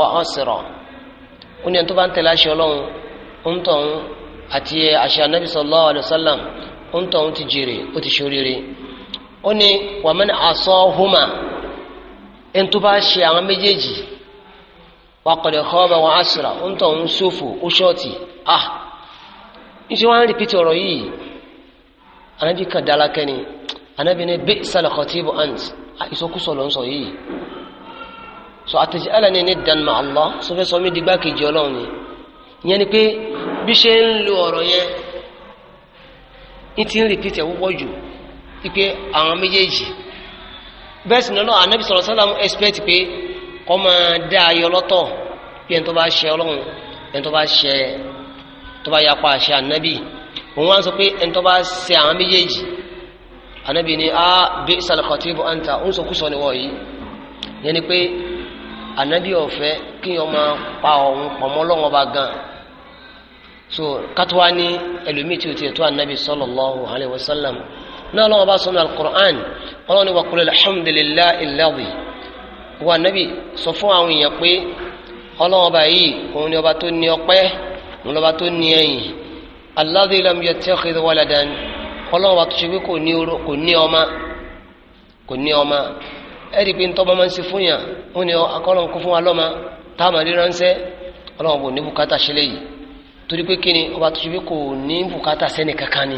ń tẹ̀lé aṣọ ọlọ́run ń tọ̀ àti àṣà anabi sallallahu alayhi wa sallam ó ń tọ̀hún ti jèrè ó ti ṣoríire ó ní wàmán asọ́húmà ẹni tó bá ṣe àwọn méjèèjì wà kọ̀dẹ̀ kọ́ọ̀bà wọn àṣìrà ó ń tọ̀hún ṣòfò ó ṣọ́ọ̀tì ah ní ṣe wọ́n rìpítì ọ̀rọ̀ yìí anabi kan dálákẹ́ ni anabi ni bí sàlẹ̀kọ̀tìbù ant ah, ìsọkúsọ ló ń sọ yìí so àtẹ̀jẹ́ alẹ́ ni ní dan Allah sọ fẹ́ sọ kejì ọlọ́run ni ìyẹn ni pé bí ṣe ń lo ọ̀rọ̀ yẹn ní ti ń rìpítì ẹ̀ púpọ̀ jù wípé àwọn méjèèjì bẹ́ẹ̀ sì lọ́nà ànábì sọ̀rọ̀ sálàmù expect pé kọ́ máa dá ayọ̀ lọ́tọ̀ bí ẹni tó bá ṣe ọlọ́run ẹni tó bá ṣe tó bá yapa àṣẹ ànábì òun wá sọ pé ẹni tó bá ṣe àwọn méjèèjì ànábì ni a bí sàlùkọ̀tì bọ̀ àǹtà ó ń sọ kúsọ níwọ̀ yìí yẹn ni pé ànábì ọ̀fẹ́ kí wọ́n máa pa òun pọ̀mọ́ lọ́wọ́ bá gan-an so katuwa ni ẹlòmíì tí o ti tó anabi sallallahu alayhi wa sallam náà lọ́wọ́ bá sọ́nà alukur'an ọlọ́run ni wàkúrẹ́ alhamdulillahi alladhi wa anabi sọ fún àwọn èèyàn pé ọlọ́run ọba yìí òun ni ọba tó ní ọpẹ́ òun lọ́ba tó ní ẹ̀yìn alladhi lam yattakhidh waladan ọlọ́run ọba tó ṣe pé kò ní ọmọ kò ní ọmọ ẹ̀rí pé ntọ́ bá máa ń ṣe fún yàn ó ní akọ́lọ́n kó fún wa lọ́mọ táwọn àríranṣẹ́ ọlọ́run ọba ò ní bùkátà ṣe léyìí torí pé kíni ọba tó ṣe pé kò ní bùkátà sẹ́ni kankan ni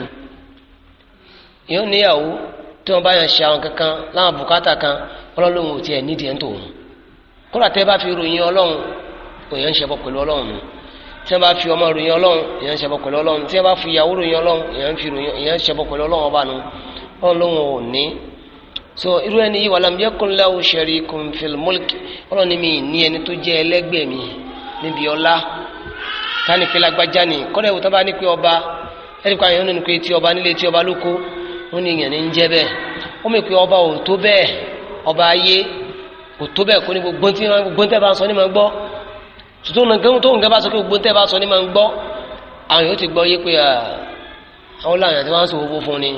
èèyàn níyàwó tí wọ́n bá yàn ṣe àwọn kankan láwọn bùkátà kan ọlọ́run ò tiẹ̀ nídìí ẹ̀ ń tòun kódà tẹ́ bá fi ròyìn ọlọ́run èèyàn ń ṣẹbọ pẹ̀lú ọlọ́run ni tí wọ́n bá fi ọmọ ròyìn ọlọ́run èèyàn ń ṣẹbọ pẹ̀lú ọlọ́run tí wọ́n bá fi ìyàwó ròyìn ọlọ́run èèyàn ń ṣẹbọ so irú ẹni yìí walam yakun lahu sharikun fil mulk ọlọ́run ni mi ní ẹni tó jẹ́ ẹlẹ́gbẹ̀ẹ́ mi níbi ọlá tani pé lágbájá ni kọ́dà ìwò tó bá ní pé ọba ẹni pé àyàn ni pé tí ọba nílé tí ọba lóko ó ní ìyàn ní ń jẹ́ bẹ́ẹ̀ ó mọ̀ pé ọba ò tó bẹ́ẹ̀ ọba ayé kò tó bẹ́ẹ̀ kó ní gbogbo tí gbogbo tẹ́ bá sọ ní máa gbọ́ tuntun nǹkan tó nǹkan bá sọ pé gbogbo tẹ́ bá sọ ní máa gbọ́ àwọn yóò ti gbọ́ yé pé àwọn làwọn àti wọn sọ owó fún ni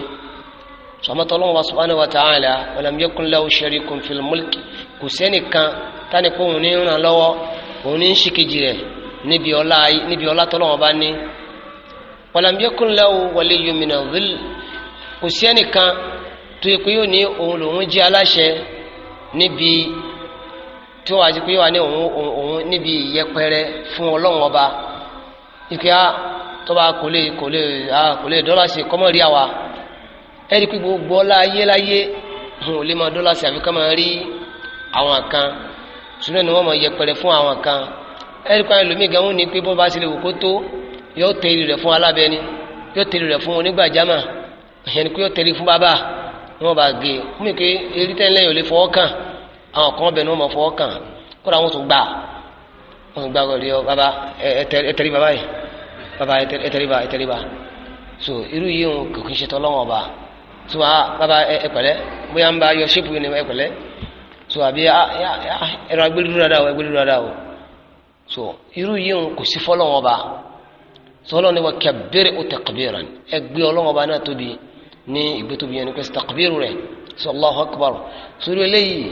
sọmọtọlọ́wọ́ subhanahu wa ta'ala walam yakun lahu sharikun fil mulk kò sẹ́nìkan tani pé òun ní ń ràn lọ́wọ́ òun ní ń ṣìkejì níbi ọlá níbi ọlá tọ́lọ́wọ́n bá ní walam yakun lahu waliyyun min adh-dhill kò sí ẹnìkan tó yẹ pé yóò ní òun lòun jẹ́ aláṣẹ níbi tí wọ́n àti pé yóò wà ní òun òun níbi ìyẹpẹrẹ fún ọlọ́wọ́n ọba ike a ah, tó bá kò lè kò lè a ah, kò lè dọ́là sí kọ́mọ̀ rí àwa ẹ̀rí pé gbogbo ọlá ayé láyé òun ò lè máa dọ́là sí àfikún máa rí àwọn kan sùnú ni wọ́n máa yẹpẹrẹ fún àwọn kan ẹnìkan ẹlòmíì gan ń ní pé bó bá sílẹ̀ wò kó tó yóò tẹ̀lé rẹ̀ fún alábẹ́ni yóò tẹ̀lé rẹ̀ fún onígbàjámà ìyẹn ni pé yóò tẹ̀lé fún bàbá wọn bá gé e. fún mi pé eré tẹ́lẹ̀ yóò lè fọwọ́ kàn àwọn kan bẹ̀ ni wọ́n mọ̀ fọwọ́ kàn kódà wọ́n tún gbà wọ́n tún gbà wọlé ọ bàbá ẹ tẹ̀lé bàbá yìí bàbá ẹ tẹ̀lé bàbá ẹ tẹ̀lé bàbá so irú yìí ń kò kí n ṣe tọ́ lọ́wọ́ ọba so a bàbá ẹ pẹ̀lẹ́ bóyá ń bá yọ ṣépù yìí ni ẹ pẹ̀lẹ́ so àbí ẹ̀rọ agbélúrú dáadáa o agbélúrú dáadáa o so irú yìí ń kò sí fọlọ́wọ́n ba sọlọ́ ni wa kabbir takbiran ẹ gbé ọlọ́wọ́n ba náà tóbi ní ìgbé tóbi yẹn ní pẹ́sì takbiru rẹ̀ sọ Allahu akbar sórí eléyìí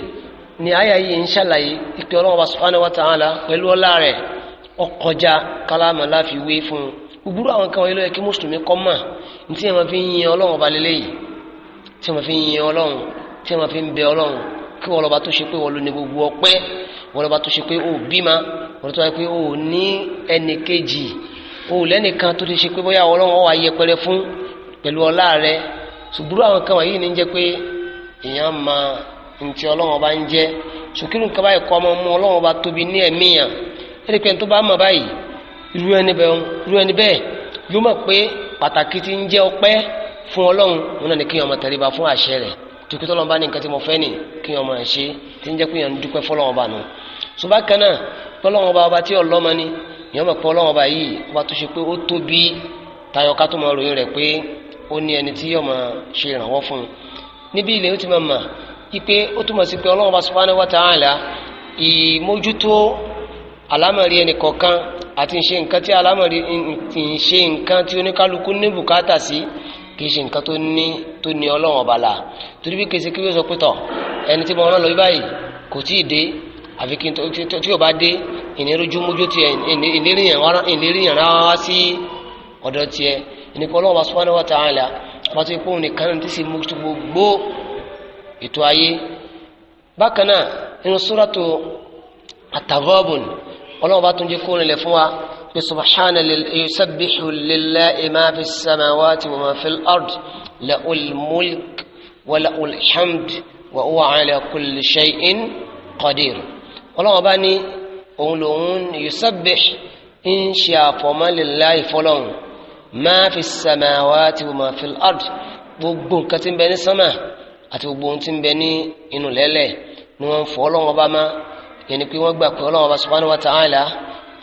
ni àyà yìí ń ṣàlàyé ìpè ọlọ́wọ́n ba subhanahu wa ta'ala pẹ̀lú ọlá rẹ̀ ọkọjá kálámà láfi wé fún gbogbo àwọn kan ilé kí mùsùlùmí kọ́ mà ní tí wọ́n fi ń yin ọlọ́run wọ́n lọ́ba tó ṣe pé ó bímọ wọ́n lọ́ba tó ṣe pé ó ní ẹnì kejì ó lẹ́nìkan tó ti ṣe pé bóyá ọlọ́run ó wá yẹpẹrẹ fún pẹ̀lú ọlá rẹ ṣùgbọ́n àwọn kan wọ̀nyí ní jẹ́ pé èèyàn ma ntí ọlọ́run ọba ń jẹ́ ṣùkúrú nǹkan báyìí kọ́ ọmọ mú ọlọ́run ọba tóbi ní ẹ̀mí yàn ẹ̀rí pé tó bá mọ̀ báyìí irú ẹni bẹ́ẹ̀ yóò mọ̀ pé pàtàkì ti ń jẹ́ ọpẹ́ fún ọlọ́run òun náà ni kí ọmọ tẹríba fún àṣẹ rẹ̀ tukutọ́lọ́run bá ní nǹkan tí mo fẹ́ nì kí ọmọ ẹ̀ ṣe ti ń jẹ́ pé yàn ń dúpẹ́ fọlọ́run ọba nù soba kana pọlọ́wọ́n ba ọba tí ọlọ́mọ ni ìyọ́n mọ̀ pọlọ́wọ́n ba yìí ọba tó ṣe pé ó tóbi tayọ ká tó mọ ròyìn rẹ̀ pé ó ní ẹni tí yọ̀ọ́ mọ̀ ṣe ìrànwọ́ fún un níbi ilẹ̀ ó ti mọ̀ mọ̀ ipe ó túmọ̀ sí pé ọlọ́wọ́n ba subhanahu wa ta'ala ìmójútó alámọ̀rí ẹnì kọ̀ọ̀kan àti ìṣe nǹkan tí alámọ̀rí ìṣe nǹkan tí oníkálukú ní bùkátà sí kì í ṣe nǹkan tó ní tó ní ọlọ́wọ́n ba la torí bí kèsì kí wọ́n sọ pé tọ̀ ẹni tí mo rán lọ bí báyìí kò tí ì dé àfi kí n tó tí o bá dé ìnirójú mójú tiẹ̀ ìniríyàn rárá sí ọ̀dọ̀ tiẹ̀ ìnìkan ọlọ́wọ́ subhanahu wa ta'ala àbátú ipò nìkan tí sì mú gbogbo ètò ayé bákan náà inú suratu at-Taghabun ọlọ́wọ́ bá jẹ́ kó rìnlẹ̀ fún wa pé subhana yusabbihu lillahi ma fi samawati wa ma fil ard la'ul mulk wa la'ul hamd wa huwa ala kulli shay'in ọlọ́wọ́n bá ní òun lòun yusabbih ń ṣe àfọ̀mọ́lélá ìfọlọ́hún máa fi samawati wa máa fil ard gbogbo nǹkan tí ń bẹ ní sánmà àti gbogbo ohun tí ń bẹ ní inú lẹ́lẹ̀ ni wọ́n ń fọ́ ọlọ́wọ́n bá má yẹn ni pé wọ́n gbà pé ọlọ́wọ́n bá subhanahu wa ta'ala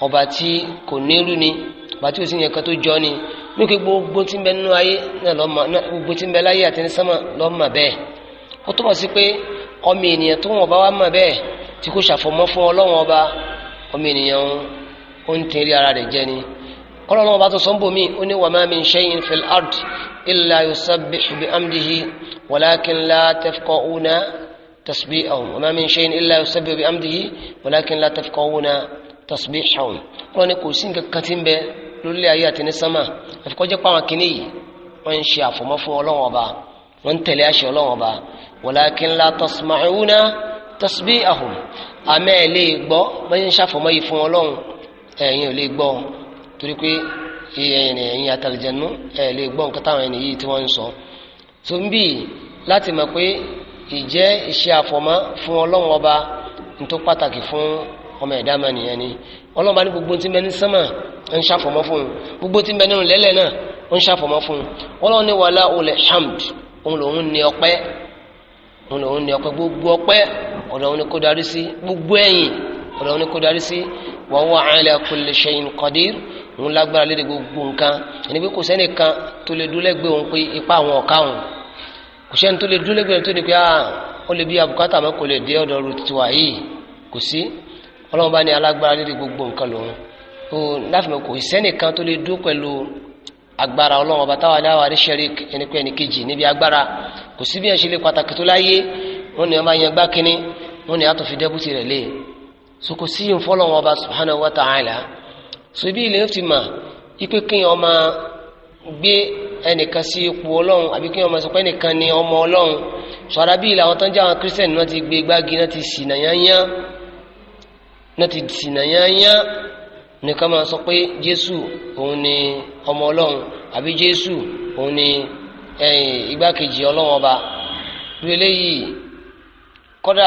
ọba tí kò nírú ni ọba tí ò sí yẹn tó jọ ni nígbà gbogbo tí ń bẹ nínú ayé náà lọ́mọ gbogbo tí ń bẹ láyé àti ní sánmà lọ́mọ bẹ́ẹ̀ ó túbọ̀ sí pé ọmọ ènìyàn tó wọn bá wá mọ̀ bẹ́ẹ̀ tí kò ṣàfọmọ́ fún ọlọ́run ọba ọmọ ènìyàn ó ń tẹ̀lé ara rẹ̀ jẹ́ ni ọlọ́run ọba tó sọ ń bò mí ó ní wa ma min shay'in fil ard illa yusabbihu bihamdihi walakin la tafqahuna tasbihahum wa ma min shay'in illa yusabbihu bihamdihi walakin la tafqahuna tasbihahum ọlọ́run ni kò sí nǹkan kan tí ń bẹ lórílẹ̀ ayé àti ní sánmà àfikọ́jẹ́ pàwọn kìíní tọ́sibí àhùn àmẹ́ ẹ̀ lè gbọ́ bẹ́ẹ̀ ń ṣàfọ̀mọ́ yìí fún ọlọ́run ẹ̀yin ò lè gbọ́ torí pé ẹ̀yin ẹ̀yin ẹ̀ lè gbọ́ nǹkan ẹni yìí tí wọ́n ń sọ. tó ń bì láti mọ̀ pé ìjẹ́ iṣẹ́ àfọ̀mọ́ fún ọlọ́run ọba ń tó pàtàkì fún ọmọ ẹ̀dá mà nìyẹn ni ọlọ́run bá ní gbogbo tí ń bẹ ní sánmà ń ṣàfọ̀mọ́ fún un gbogbo tí ń bẹ nínú lẹ́lẹ̀ náà ń ṣàfọ̀mọ́ fún un ọlọ́run ní wàhálà olè hamd òun lòun ní ọpẹ́ òun lòun ní ọpẹ́ gbogbo ọpẹ́ ọ̀dọ̀ òun ni kó darí sí gbogbo ẹ̀yìn ọ̀dọ̀ òun ni kó darí sí wa huwa ala kulli shay'in qadir òun lágbára lédè gbogbo nǹkan ẹni pé kò sẹ́nìkan tó lè dúlẹ́gbẹ̀ẹ́ òun pé ipá àwọn ọ̀ka òun kò sẹ́ni tó lè dúlẹ́gbẹ̀ẹ́ tó ní pé ah ó lè bí abùkátà mọ́ kò lè dé ọ̀dọ̀ ru tiwa yìí kò sí ọlọ́run bá ní alágbára lédè gbogbo nǹkan lòun ó láti mọ̀ kò sẹ́nìkan tó lè dún pẹ̀lú agbára ọlọ́run táwa dáwà kò sí bí ẹ ṣe lè pàtàkì tó láyé wọn ni wọn máa yan gbá kínní wọn ni a tó fi dẹ́bùtì rẹ̀ lé so kò sí ìfọlọ́wọn ọba subhanahu wa ta'ala so ibi ilẹ̀ ti mà ipe kí wọn máa gbé ẹnìkan sí ipò ọlọ́run àbí kí wọn máa sọ ni ọmọ ọlọ́run sọ̀rọ̀ bí ilẹ̀ àwọn tó ń jẹ́ àwọn kírísítẹ̀nì náà ti gbé gbági náà ti ṣìnà yányán nìkan máa sọ pé jésù òun ni ọmọ ọlọ́run àbí jésù òun ni igbákejì ọlọ́wọ́n ọba lórí eléyìí kọ́dà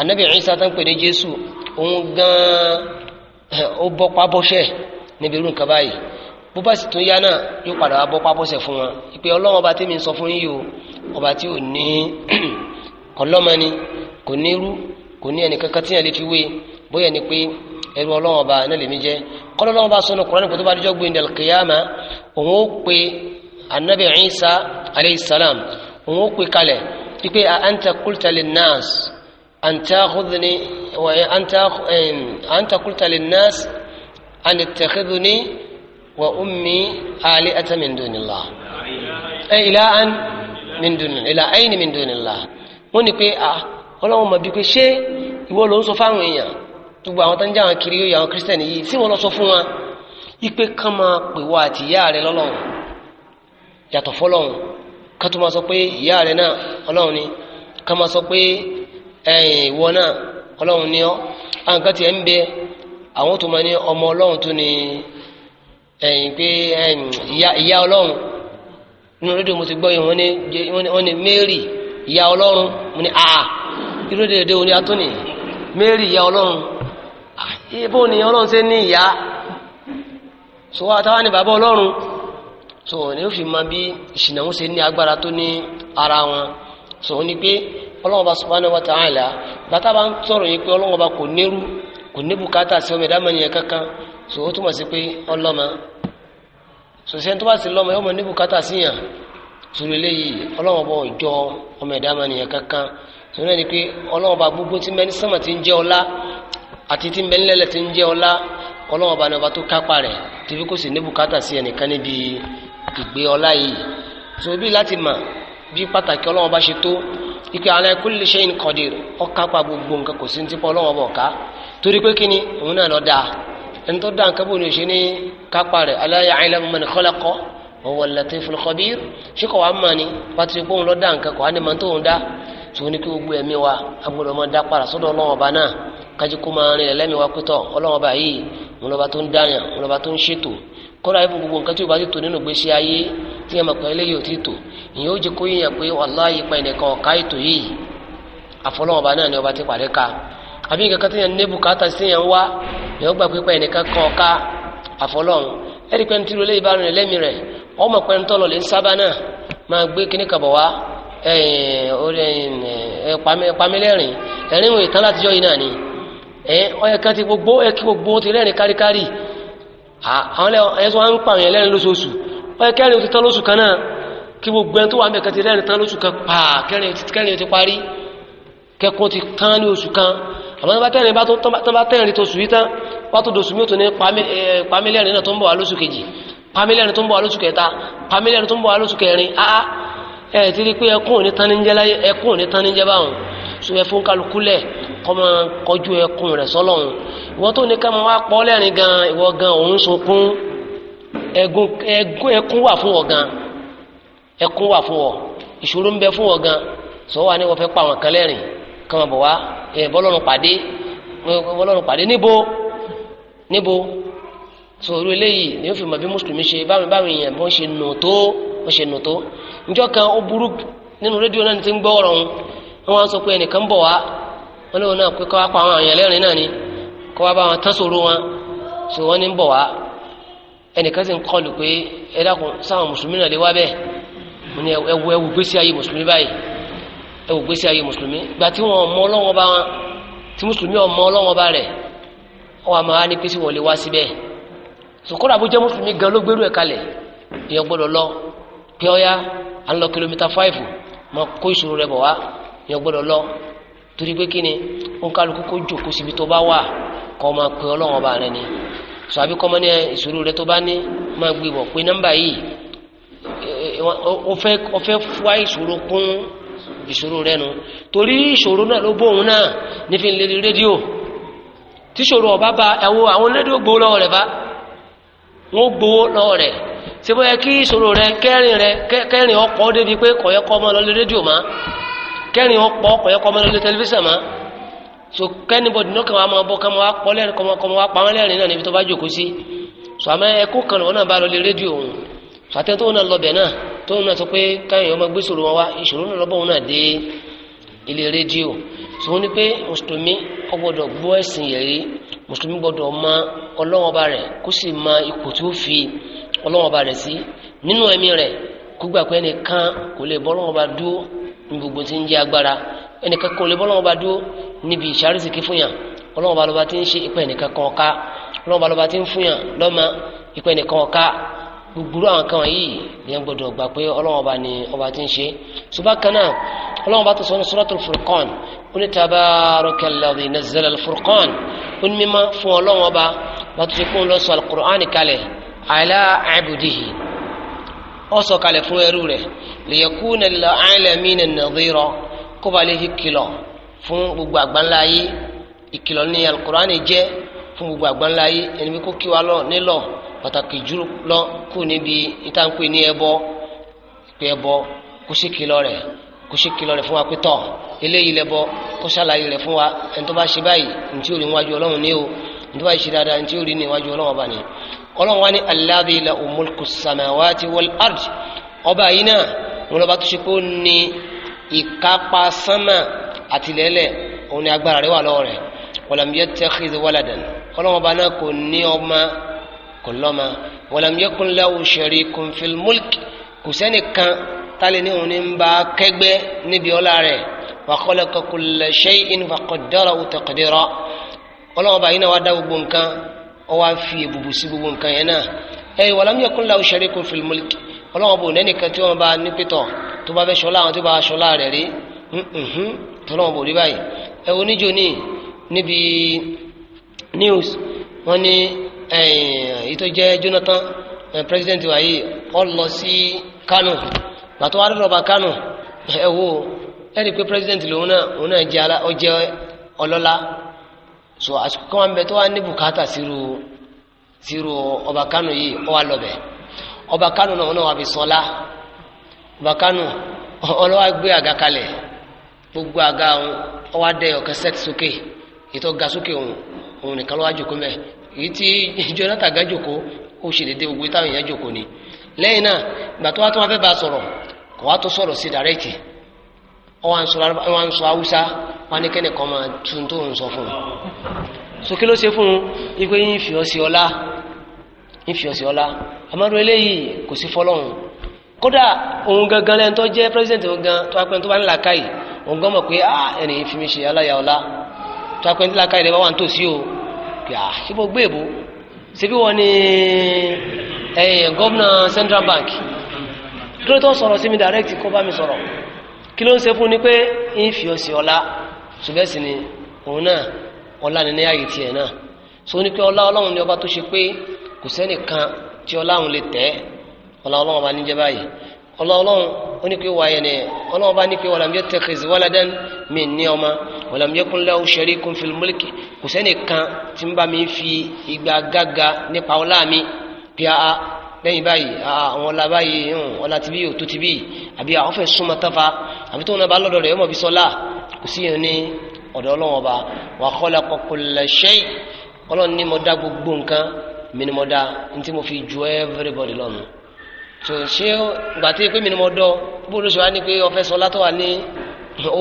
anabi Isa tó ń pè ní Jésù òun gan-an ó bọ́ pábọ́sẹ̀ níbi irú nǹkan báyìí bó bá sì tún yá náà yóò padà wá bọ́ pábọ́sẹ̀ fún wọn ìpè ọlọ́wọ́n ọba tí mi sọ fún yìí o ọba tí ò ní ọlọ́mọni kò ní irú kò ní ẹnìkankan tí lè fi wé bóyá ni pé ẹrú ọlọ́wọ́n ọba náà lèmi jẹ́ kọ́lọ́wọ́n ọba sọnù Kùránì tó bá dijọ́ gbé ní òun ó pe anabi isa alayhi salam òun ó pè kalẹ̀ pípé anta qulta linnas anta khudhni wa anta anta qulta linnas an ittakhidhni wa ummi alihata min dunillah ila an min dunillah ila ayni min dunillah wọ́n ní pé ah ọlọ́run mọ̀ bí pé ṣé ìwọ ló ń sọ fáwọn èèyàn gbogbo àwọn tó ń jáwọn kiri yóò yà àwọn kírísítẹ̀nì yìí sí lọ sọ fún wa ipe kan máa pè wá àtìyá rẹ lọ́lọ́run yàtọ̀ fọlọ́run ká tó máa sọ pé ìyá rẹ náà ọlọ́run ni ká máa sọ pé ẹ̀yìn ìwọ náà ọlọ́run ni ọ́ àwọn kan tiẹ̀ ń bẹ àwọn tó máa ní ọmọ ọlọ́run tó ní ẹ̀yìn pé ìyá ọlọ́run nínú rédíò mo ti gbọ́ yìí wọ́n ní Mary ìyá ọlọ́run mo ní àà irú dédé oní atúnì Mary ìyá ọlọ́run ah, ibo ni ọlọ́run ṣe ní ìyá sọ wá táwa ní bàbá ọlọ́run so ní ó fi mọ bí ìṣìnà ń ṣe ní agbára tó ní ara wọn so ó ní pé ọlọ́wọ́n bá subhanahu wa ta'ala bàtà bá ń sọ̀rọ̀ yìí pé ọlọ́wọ́n bá kò nírú kò ní bùkátà sí ọmọ ẹ̀dá mẹ́rin yẹn kankan so ó túmọ̀ sí pé ọlọ́mọ so sẹ́ni tó bá sì lọ́mọ yóò mọ ní bùkátà sí yàn sórí eléyìí ọlọ́wọ́n bọ̀ jọ ọmọ ẹ̀dá mẹ́rin yẹn kankan so náà ni pé ọlọ́wọ́n bá gbogbo tí mẹ́ni sọ́mọ̀ ti ń jẹ́ ọlá àti tí mẹ́ni lẹ́lẹ̀ ti ń jẹ́ ọlá ọlọ́wọ́n bá ọba tó kápá rẹ̀ tí kò sì ní bùkátà sí ẹnìkan níbi ìgbé ọlá yìí so bí láti mà bí pàtàkì ọlọ́wọ́ bá ṣe tó ike ala kulli shay'in qadir ọ̀ka pa gbogbo nǹkan kò sí ní tipọ́ ọlọ́wọ́ bọ̀ ká torí pé kíni òun náà lọ dáa ẹni tó dáa nǹkan bó ni ò ṣe ní kápá rẹ̀ ala ya'lamu man khalaqa wa huwa al-latiful khabir ṣé kò wá mọ̀ ni pàtó ipò òun lọ dáa nǹkan kò wá ní mọ̀ òun dá tó ní kí gbogbo ẹ̀mí wa agbọ́dọ̀ máa dá padà sọ́dọ̀ ọlọ́wọ́ bá náà kájí kó máa rìn ẹlẹ́mìí wa pẹ́tọ̀ ọlọ́wọ́ bá yìí òun lọ́ba tó ń dáyàn òun lọ́ba tó ń ṣètò kọ́ra ibùn gbogbo nǹkan tí o bá ti tò nínú gbèsè ayé tí a mọ̀ pé eléyìí ò ti tò ìyẹn ó jẹ́ kó yíyan pé wàláyé yi ẹnìkan ọ̀ka ètò yìí àfọlọ́wọ́ba náà ni ọba ti pàdé ka àbí nǹkan kan tí yẹn ní bùkátà sí yẹn wá yẹn ó gbà pé pa kan ọ̀ka àfọlọ́run ẹ̀rí pé nítorí olóyè bá rìn lẹ́mí rẹ̀ ọmọ sábà náà máa gbé kíní kàbọ̀ wá àwọn ẹ̀sùn wọn ń pàwọn yẹn lẹ́rin lóṣooṣù ọ̀yẹ́ kẹrin ti tán lóṣù kan náà kí gbogbo ẹni tó wà ń bẹ̀ kan ti lẹ́rin tán lóṣù kan pa kẹrin ti parí kẹkùn ti tán ní oṣù kan àmọ́ tó bá kẹrin bá tó bá tẹ̀rin tó oṣù yìí tán wá tó dòṣù mìíràn tó ní pamílẹ́rin náà tó ń bọ̀ wá lóṣù kejì pamílẹ́rin tó ń bọ̀ wá lóṣù kẹta pamílẹ́rin tó ń bọ̀ wá lóṣù kẹrin áá ah, ah. ẹ̀ ti rí pé ẹkùn ò ní tán ní jẹ́ báwọn ṣùgbọ́n fún kálukú lẹ̀ kọ́mọ kọjú ẹkùn rẹ̀ sọ́lọ́run ìwọ́n tó ní ká máa pọ́ lẹ́rìn gan ìwọ gan òun sunkún ẹkún wà fún ọ gan ẹkún wà fún ọ ìṣòro ń bẹ fún ọ gan sọ wà ní wọ́n fẹ́ pa àwọn kan lẹ́rìn kọ́mọ bọ̀ wá bọ́lọ́run pàdé bọ́lọ́run pàdé níbo níbo sọ orí eléyìí ni ó fi mọ̀ bí mùsùlùmí ṣe báwọn báwọn èèyàn bí wọ́n ṣe nù tó wọ́n ṣe nù tó njọ́ kan ó burú nínú rédíò náà ti ń gbọ́ ọ̀rọ̀ wọn wọ́n sọ pé ẹnìkan bọ̀ wá wọn lóun náà pé kọ́ wá pa àwọn àyàn lẹ́rìn náà ni kọ́ wá bá wọn tán sòro wọn sò wọ́n ní ń bọ̀ wá ẹnìkan sì ń kọlù pé ẹ dákun sáwọn mùsùlùmí náà lè wá bẹ́ẹ̀ mo ní ẹwù ẹwù gbèsè ayé mùsùlùmí báyìí ẹwù gbèsè ayé mùsùlùmí gba tí wọn mọ ọlọ́wọ́n bá wọn tí mùsùlùmí ọmọ ọlọ́wọ́n bá rẹ̀ ọ wà máa ní pé sí wọn lè wá síbẹ̀ sòkòrò àbújá mùsùlùmí gan ló gbérú ẹ̀ kalẹ̀ ìyẹn gbọ́dọ̀ lọ pé ọyá à ń lọ kìlómítà fáìfù mọ kó ìṣòro rẹ bọ̀ wá ìyẹn gbọ́dọ̀ lọ torí pé kí ni òun kálukú kó jòkó síbi tó bá wà kọ́ máa pe ọlọ́run ọba rẹ ni sọ àbí kọ́ máa ní ìṣòro rẹ tó bá ní máa gbé bọ̀ pé nọ́mbà yìí ó fẹ́ wá ìṣòro kún ìṣòro rẹ nu torí ìṣòro náà ló bóun náà nífi lè rédíò tí ìṣòro ọba bá ẹwọ àwọn rédíò gbowó lọ́wọ́ rẹ bá wọn gbowó lọ́wọ́ rẹ ṣé bóyá kí ìṣòro rẹ kẹrin rẹ kẹrin ọkọ débi pé kọyọkọ ọmọ lọ lé rédíò máa. kẹrin ọpọ ọpọ yẹ kọ ọmọ lórí tẹlifíṣàn ma so kẹnibọdì náà kàn ma máa bọ kàn wá pọ lẹrin kọmọ kọmọ pa wọn lẹrin náà níbi tó bá jókòó sí so àmọ́ ẹkọ kan lọ́wọ́ náà bá lọlé rédíò òun so àtẹtọ òun náà lọbẹ náà tó náà sọ pé káyọ̀ ọmọ gbé sòrò wọn wá ìṣòro náà lọ́bọ̀ òun náà dé ilé rédíò so wọn ni pé mùsùlùmí mùsùlùmí ní gbogbo tí ń jẹ́ agbára ẹnìkan kan ò lè bọ́ lọ́wọ́ bá dúró níbi ìṣàrísìkí fún yàn ọlọ́wọ́ bá lọ́ba tí ń ṣe ìpẹ́ ẹnìkan kan ọ̀ka ọlọ́wọ́ bá lọ́ba tí ń fún yàn lọ́mọ ìpẹ́ ẹnìkan ọ̀ka gbogbo àwọn kan yìí ìyẹn gbọdọ̀ gbà pé ọlọ́wọ́ bá ní ọba tí ń ṣe ṣùgbọ́n kan ọlọ́wọ́ bá tó sọ ní suratul furqan ó ní tabarakalladhi nazzala al quran kalẹ̀ ala abdihi ó kalẹ̀ fún ẹrú rẹ̀ liyakuna lil alamina nadhira kó ba lè fi kìlọ̀ fún gbogbo àgbáńlá yìí ìkìlọ̀ ní alukur'ani jẹ́ fún gbogbo àgbáńlá yìí ẹni bí kò kí wa lọ nílọ̀ pàtàkì jù lọ níbi ìtànkù ní ẹbọ ẹbọ kìlọ̀ rẹ̀ kìlọ̀ rẹ̀ fún wa eléyìí lẹ́bọ rẹ̀ fún wa ẹni tó bá ṣe báyìí ọlọ́run wá ní alladhi lahu mulku samawati wal ard ọba yìí náà wọn lọ́ba tó ṣe pé ó ní ìkápá sánmà àtìlẹ́lẹ̀ òun ni agbára rẹ̀ wà lọ́wọ́ rẹ̀ walam yattakhidh waladan ọlọ́run ọba náà kò ní ọmọ kò lọ́mọ walam yakun lahu sharikun fil mulk kò sẹ́nìkan tálẹ̀ ní òun ní ń bá kẹ́gbẹ́ níbi ọlá rẹ̀ wa khalaqa kulla shay'in ó wá fi èbùbù sí gbogbo nǹkan yẹn náà ẹ walam yakun lahu sharikun fil mulk ọlọ́wọ́n bò nẹ́nìkan tí wọ́n bá ní pétọ̀ tó bá fẹ́ ṣọlá àwọn tó bá ṣọlá rẹ̀ rí tọ́lọ́wọ́n bò rí báyìí ẹ oníjó ní níbi news wọ́n ní èyí tó jẹ́ Jonathan president wa yìí ọ lọ sí Kano gbàtọ́ wàá rọ̀bà Kano ẹ wo ẹ rí i pé president lòun náà òun náà jẹ́ ọlọ́lá so àsìkò wọn bẹ tó wà ní bùkátà sírú sírú ọba yìí ọ wà lọbẹ ọba kánò náà sọlá ọba gbé àga gbogbo àga ọwà dẹ ọkẹ sẹ́tì sókè ètò ga sókè òun òun nìkan lọ́wọ́ àjòkó mẹ́ èyí tí Jonathan ga jòkó ó ṣe dédé gbogbo táwọn èèyàn jòkó ni náà wà tó wà fẹ́ bá sọ̀rọ̀ wọn ń sọ haúsá wọn ní kẹ́nìkan máa tún tó ń sọ fún un so kí ló ṣe fún un ipe yín fi ọsẹ ọlá yín fi ọsẹ ọlá amadu eléyìí kò sí fọlọ́run kódà òun gangan lẹ́nu tó jẹ́ president òun tó apẹ́ tó bá ń là òun gan mọ̀ pé ah ẹnì yìí fi mi ṣe aláya ọlá tó apẹ́ tó là káyì lè bá wà nítòsí o pé ah ṣé mo gbé èbó ṣé bí wọ́n ní eh, gómìnà central bank kí ló tó sọ̀rọ̀ sí mi direct kó bá mi sọ̀rọ̀ kí ló ń ṣe fún ni pé ń fi ọ̀sẹ̀ ọ̀la ṣùgbọ́n sì ni òun náà ọ̀la ni ní ààyè tiẹ̀ náà so ní pé ọlá ọlọ́run ni ọba tó ṣe pé kò sẹ́nìkan tí ọlá òun lè tẹ́ ọlá ọlọ́run ọba níjẹ́ báyìí ọlá ọlọ́run ó ní pé wàá yẹn ọlọ́run ọba ní pé walam yattakhidh waladan min ní ọmọ walam yakun lahu sharikun fil mulki kò sẹ́nìkan tí ń bá mi fi ìgbà gága nípa ọlá mi pí a lẹ́yìn báyìí àwọn ọlá báyìí ọlá ti bí òtó ti bí àbí àwọn fẹ́ súnmọ́ tánfà àbí tó ń bá lọ́dọ̀ rẹ̀ ọmọ bí sọlá kò sí yẹn ní ọ̀dọ̀ ọlọ́run ọba wa khalaqa kulla shay ọlọ́run ní mo gbogbo nǹkan mi ni mo dá ní tí mo fi ju everybody lọ́nu tó ṣé gbà tí pé mi ni mo dọ́ bó ló ṣe wá ní pé ọfẹ́ sọlá tó wà ní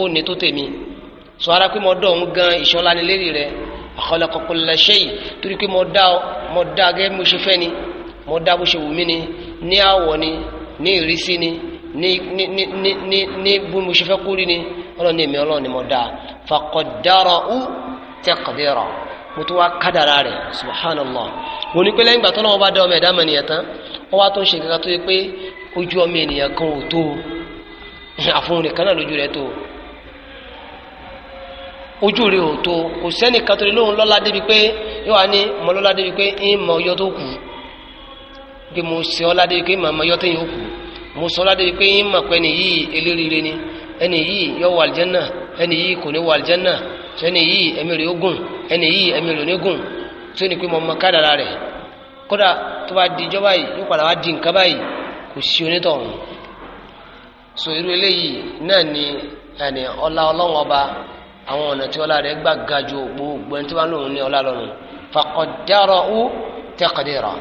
òní tó tèmi sọ ara pé mo dọ̀ ń gan ìṣọ́lá ni lérí rẹ̀ wa khalaqa kulla shay torí pé mo dá gẹ́gẹ́ mo ṣe fẹ́ ni mo dá bó ṣe wù mí ni ní àwọ̀ ni ní ìrísí ni ní ní ní ní ní bí mo ṣe fẹ́ kúrí ni ọlọ́ni èmi ọlọ́run ni mo dá fàkọ̀dára ú tẹ̀kọ̀dẹ́rọ mo tún wá kádàrá rẹ̀ subhanallah mo ní pé lẹ́yìn ìgbà tó náà wọ́n bá dá ọmọ ẹ̀dá mọ̀nìyàn tán wọ́n wá tó ń ṣe kankan tó yẹ pé ojú ọmọ ènìyàn kan ò tó àfọ̀hún nìkan náà lójú rẹ̀ tó ojú rẹ̀ ò tó kò sẹ́nìkan tó lé lóhun lọ́lá débi pé yóò wá ní mọ́ lọ́lá débi pé ń mọ ọyọ́ tó kù pé mo ṣe ọ́ ládé pé màmá yọ tẹ́yìn òkú mo sọ ládé pé yín mà pé ẹni yìí eléríire ni ẹni yìí yọ wà àlìjẹ́nà ẹni yìí kò ní wà àlìjẹ́nà ẹni yìí ẹ̀mí rẹ̀ ogun ẹni yìí ẹ̀mí rẹ̀ onígun tó ní pé mo mọ kádàrà rẹ̀ kódà tó bá di ìjọba yìí yóò padà wá di nǹkan báyìí kò sí onítọ̀hún so irú eléyìí náà ni ẹni ọlá ọlọ́wọ́n ọba àwọn ọ̀nà tí ọlá rẹ̀ gbà ga gbogbo ẹni tó bá lóun ní ọlá lọ́run faqaddarahu taqdira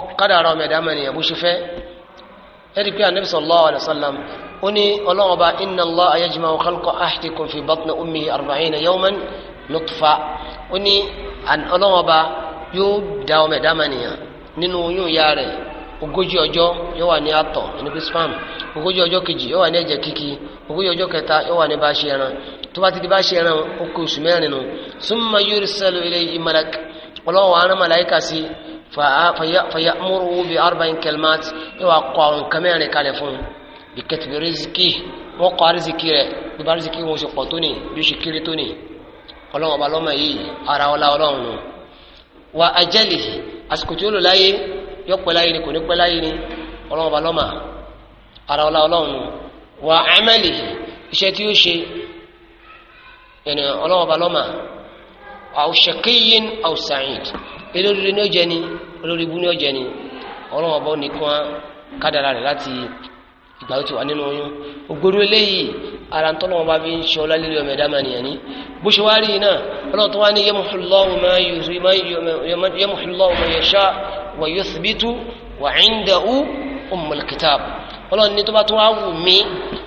ọ̀kadà ara ọmọ ẹ̀dá mẹ́niyàn bó ṣe fẹ́ ẹ̀rí pé anabi sallallahu alayhi wa sallam ó ní ọlọ́run ọba inna Allaha yajma'u khalqa ahadikum fi batni ummihi arba'ina yawman nutfa ó ní ọlọ́run ọba yóò da ọmọ ẹ̀dá mẹ́niyàn nínú oyún ìyá rẹ̀ ogójì ọjọ́ yóò wà ní àtọ̀ ẹni pé spam ogójì ọjọ́ kejì yóò wà ní ẹ̀jẹ̀ kíkì ogójì ọjọ́ kẹta yóò wà ní bá ṣe ẹran tó bá ti di bá ṣe ẹran ó oṣù mẹ́rin nù summa yursalu ilayhi malak ọlọ́run wa rán màláìka sí fàyàmúrú bí arba'in kalimat yóò wá kọ àwọn nǹkan mẹ́rin kalẹ̀ fún bí kẹtìbí riziki wọ́n kọ ariziki rẹ̀ bí bá riziki wọn ṣe pọ̀ tó ní bí ó ṣe kéré tó ní ara ọlá ọlọ́run nù wa ajẹ́lì àsìkò tí ó lò láyé yọ pẹ́ kò ní pẹ́ láyé ni ọlọ́run ọba ara ọlá ọlọ́run nù wa amẹ́lì iṣẹ́ tí ó ṣe ẹni ọlọ́run ọba lọ́mọ aw shaqiyyin elóríire ní ọjẹ ni olórí ibú ní ọjẹ ni ọlọ́wọ́n bọ́ nìkan kádàrà rẹ̀ láti ìgbà tó ti wà nínú oyún ògbóró eléyìí ara ń tọ́lọ́wọ́n bá fi ń ṣe ọlá lílo ọmọ ẹ̀dá mànìyàn ní bó ṣe wá rí iná ọlọ́run tó wá ní yẹmùhùlọ́wọ́ ma yẹṣá wà yóò síbítú tó bá tó wá wù mí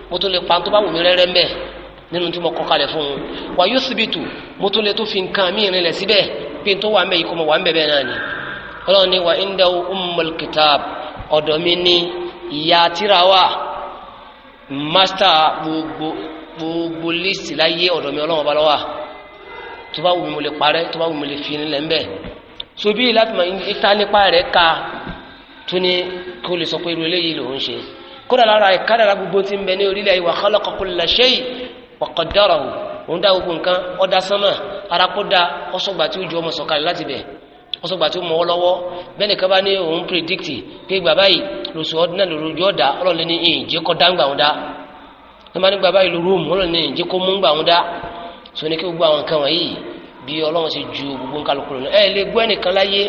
mo tó lè pa tó bá wù mí rẹ́rẹ́ mẹ́ nínú tí mo kọ́ kalẹ̀ fún un wà mo tó lè tó fi nǹkan mí ìrìnlẹ̀ síbẹ̀ pé tó wà ń bẹ yìí kó mọ wà ń bẹ bẹ́ẹ̀ náà ni ọlọ́run ní wa inda ummul kitab ọ̀dọ̀ mi ní ìyá tíra wà mástà gbogbo gbogbo lísì láyé ọ̀dọ̀ mi ọlọ́run ọba tó bá wù mí mo lè parẹ́ tó bá wù mí lè fi nílẹ̀ ńbẹ̀ so bí láti mọ ìta nípa rẹ̀ ka tó ní kó lè sọ pé irú eléyìí lòún ṣe kódà lára ìkádàrà gbogbo ti ń bẹ ní orílẹ̀ wa khalaqa kulla shay wa qaddarahu òun dá gbogbo nǹkan ọ̀dà sánmà arakódà ọ̀sọ̀gbà tí ó ju ọmọ sọ̀kalẹ̀ láti bẹ̀ ọ̀sọ̀gbà tí ó mọ ọ lọ́wọ́ bẹ́ẹ̀ nìkan bá ní òun pírídíkìtì pé bàbá yìí lòsù ọdún náà lòrò ojú ọ̀dà ọlọ́ọ̀lẹ́ ní ìjẹ́ kọ́ dáńgbà wọn dá tó bá ní bàbá yìí lòrò òmù ọlọ́ọ̀lẹ́ ní ìjẹ́ kó mú gbà wọn dá so ní kí gbogbo àwọn nǹkan wọ̀nyí bí ọlọ́run ṣe ju gbogbo nǹkan lóko lọ ẹ lè gbọ́ ẹnìkan láyé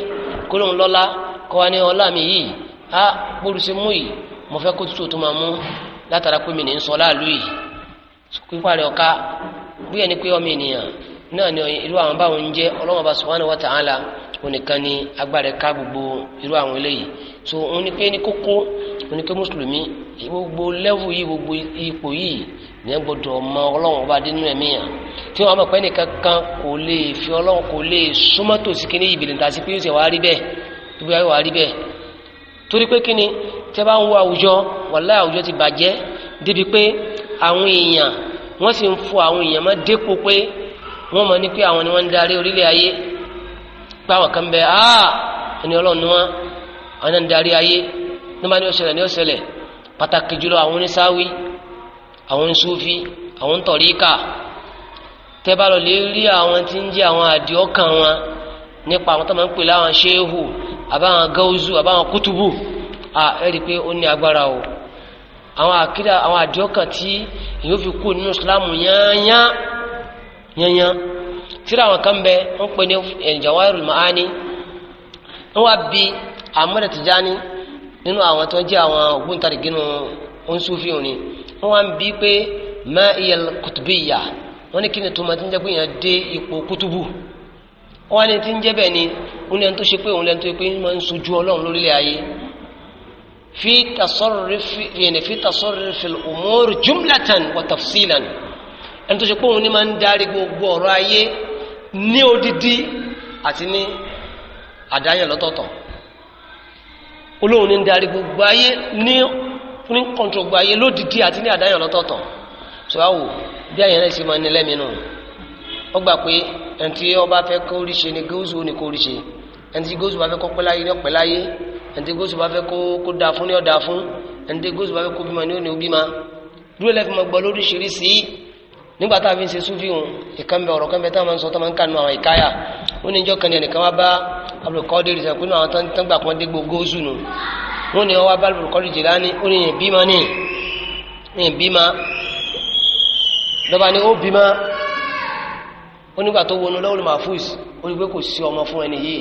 kó lọ́lá kọ́ wa ní ọlá mi yìí á bóru ṣe mú yìí mo fẹ́ kó tútù tó máa mú látara pé mi ní sọ láàlú yìí pípa ọ̀ka bí ẹni pé ọmọ ènìyàn náà ni irú àwọn báwọn ń jẹ ọlọ́wọ́n bá subhanahu wa ta'ala onìkan ni agbára ká gbogbo irú àwọn eléyìí so òun ni pé ní kókó òun ni pé mùsùlùmí gbogbo lẹ́wù yìí gbogbo ipò yìí ìyẹn gbọdọ̀ mọ ọlọ́wọ́n bá dé nínú ẹ̀mí yàn tí wọ́n á mọ̀ pé nìkan kan kò lè fi ọlọ́wọ́n kò lè súnmọ́ tòsí kí ní ìbìlẹ̀ níta sí pé yóò ṣe wá rí bẹ́ẹ̀ wọ́n sì ń fọ àwọn èèyàn má dépò pé wọ́n mọ̀ ní pé àwọn ni wọ́n ń darí orílẹ̀ ayé pé àwọn kan bẹ áà ẹni ọlọ́run ni wọ́n àwọn náà ń darí ayé ní wọ́n bá ní ọ̀sẹ̀lẹ̀ ní ọ̀sẹ̀lẹ̀ pàtàkì jùlọ àwọn onísáwí àwọn onísúfi àwọn ntọ̀ríkà tẹ́ bá lọ lè rí àwọn tí ń jẹ́ àwọn àdìọ́kàn wọn nípa àwọn tó máa ń pè láwọn ṣéhù àbáwọn gáúzù àbáwọn kútùbù à ẹ rí i pé ó ní agbára o àwọn àkídà àwọn àdìọ́kàn tí èyí ó fi kú nínú ìsìlámù yányán tíra àwọn kan bẹ ń pè ní Jawahirul Ma'ani wọ́n wá bi Ahmad Tijani nínú àwọn tó jẹ́ àwọn ògbóǹtarìgì nínú oníṣúfì òní wọ́n wá bi pé ma iyal kutubiyya wọ́n ní kí ni tuma ti ń jẹ́ pé èèyàn dé ipò kutubu wọ́n ní ti ń jẹ́ bẹ́ẹ̀ ni òun lẹ́nu tó ṣe pé òun lẹ́nu tó ṣe pé ń sojú ọlọ́run lórílẹ̀ ayé في تصرف يعني في تصرف الأمور جملة وتفصيلا ẹni tó ṣe pé òun ní máa ń darí gbogbo ọ̀rọ̀ ayé ní odidi àti ní àdáyẹ̀ lọ́tọ̀ọ̀tọ̀ olóhùn ní ń darí gbogbo ayé ní ní kọ́ńtró gbogbo ayé lódidi àti ní àdáyẹ̀ lọ́tọ̀ọ̀tọ̀ tó wá wò bí àyẹ̀ náà ṣe máa ní lẹ́mìí nù ó gbà pé ẹni tí ọba fẹ́ kó rí ṣe ni gúúsù ó ní kó rí ṣe ẹni tí gúúsù bá fẹ́ kó pẹ́ láyé ní ẹnití gúúsù bá fẹ́ kó da fún ní ọ̀dà fún ẹnití gúúsù bá fẹ́ kó bímọ ní òní òbímọ dúró lẹ́fì mọ́ gbọ́ lóríṣiríṣi nígbà tá a fi ń ṣe súnfì hùn ìkànnì ọ̀rọ̀ kan bẹ táwọn máa ń sọ táwọn ń kà nù àwọn ìkáyà ó ní ìjọ kan ní ẹnìkan wá bá abdulkadir sọ pé àwọn tán gbà kan dé gbogóòsù nù wọn ni wọn wá bá abdulkadir Jilani ó ní yẹn bímọ ní yẹn bímọ lọ́ba ni ó bímọ ó nígbà tó wọnú lọ́wọ́ lọ́wọ́ mahfuz ó ní pé kò sí ọmọ fún ẹni yìí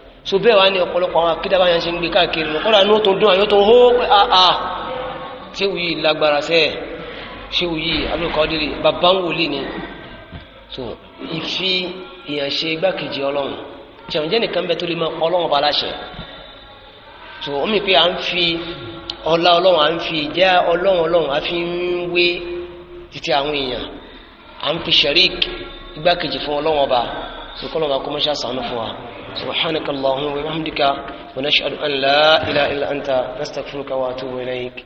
so bẹ́ẹ̀ wá ní ọ̀pọ̀lọpọ̀ àwọn akídábá yẹn ṣe ń gbé káàkiri wọn kọ́ra ní ó tó dún àyọ́ tó hó pé àà ah, ah, ṣé wù yìí lágbára sẹ́ ṣé wù yìí abdulkadiri bàbá ń wòlíì ni so ìfi èèyàn ṣe igbákejì ọlọ́run ṣẹ̀wọ̀n jẹ́ nìkan bẹ́ẹ̀ tó lè máa ọlọ́run bá láṣẹ so ó mì pé à ń fi ọlá ọlọ́run à ń fi ìjẹ́ ọlọ́run ọlọ́run à fi ń wé títí àwọn èèyàn à ń fi ṣẹ̀rík igbákejì fún ọlọ́run ọba so kọ́lọ́ba سبحانك اللهم وبحمدك ونشهد أن لا إله إلا أنت نستغفرك وأتوب إليك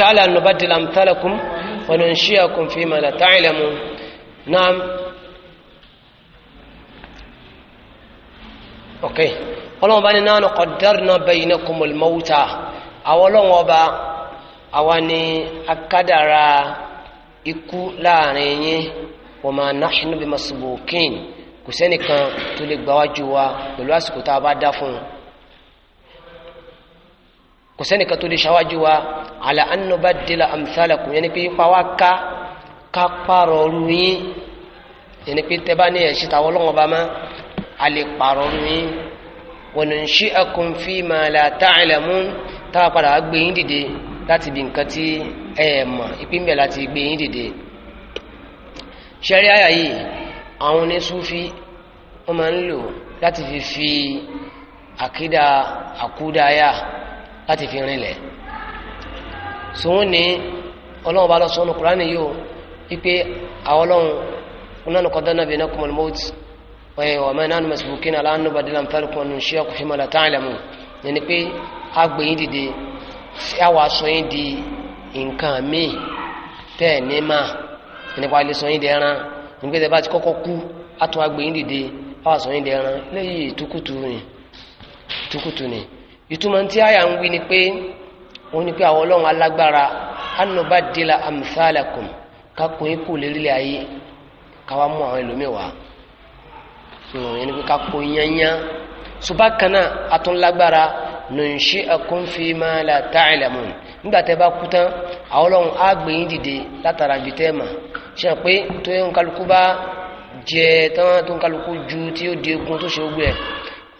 أوكي على أن نبدل أمثالكم وننشئكم فيما لا تعلمون نعم أوكي ọlọ́run bá ní náà nù kọ̀dọ́rùnà bẹ́yìn náà kò mọ̀ mọ́wútà àwọn ọlọ́run ọba àwa ni akádàra ikú láàrin yín wọ́n máa náà bí masubúkín wa pẹ̀lú àsìkò tá a bá dá kò sẹ́nìkan tó lè ṣáwájú wa àlà ànúbà dìlà amthalakum yẹn ni pé ipa wa ká ká pààrọ̀ ọ̀rù yín yẹn ni pé tẹ́bá ní ẹ̀ ṣìta ọlọ́wọ́n bá má a lè pààrọ̀ ọ̀rù yín wa nunshi'akum fima la ta'lamun táwa padà wá gbé yín dìde láti bí nǹkan tí ẹ mọ̀ ìpínbẹ̀ láti gbé yín dìde ṣẹ́rí àyà yìí àwọn onísúfí wọ́n máa ń lò láti fi fi àkídà àkúdáyà láti fi rinlẹ̀ sòun ní ọlọ́run bá lọ sọ́nu kúránì yìí o wípé àwọn ọlọ́run onánu kọ́ dáná bìíní kọ́mọ̀lì mọ́tì ẹ̀ ọ̀mọ iná nu mẹ́sìlúkì náà aláǹdó bá délà nfẹ́ lùkọ́ nùṣí ọkọ̀ fún mọ́lá tá àlẹ́ mu yẹni pé a gbé yín dìde àwọn aṣọ yín di nǹkan míì tẹ́ ẹ̀ ní mà yẹni pa ilé sọ yín di ẹran yẹni pé tẹ́ ti kọ́kọ́ kú àtún a gbé yín dìde àwọn aṣọ yín di ẹran lẹ́yìn tukutu ni tukutu ni ìtumọ̀ tí àyà ń wí ni pé wọ́n ní pé àwọn ọlọ́run alágbára anọba dila amsalakum kakun ikú lérílẹ̀ ayé káwa mú àwọn ẹlòmíì so ẹni pé kakun yányán ṣùgbọ́n kanáà atúnlágbára nùnṣí akúnfí máa la ta'lamun nígbà tẹ́ bá kú tán àwọn ọlọ́run á gbé yín dìde látara ibi tẹ́ mà ṣe pé tó yẹ kálukú bá jẹ tán tó kálukú ju tí ó di egun tó ṣe ó gbé ẹ̀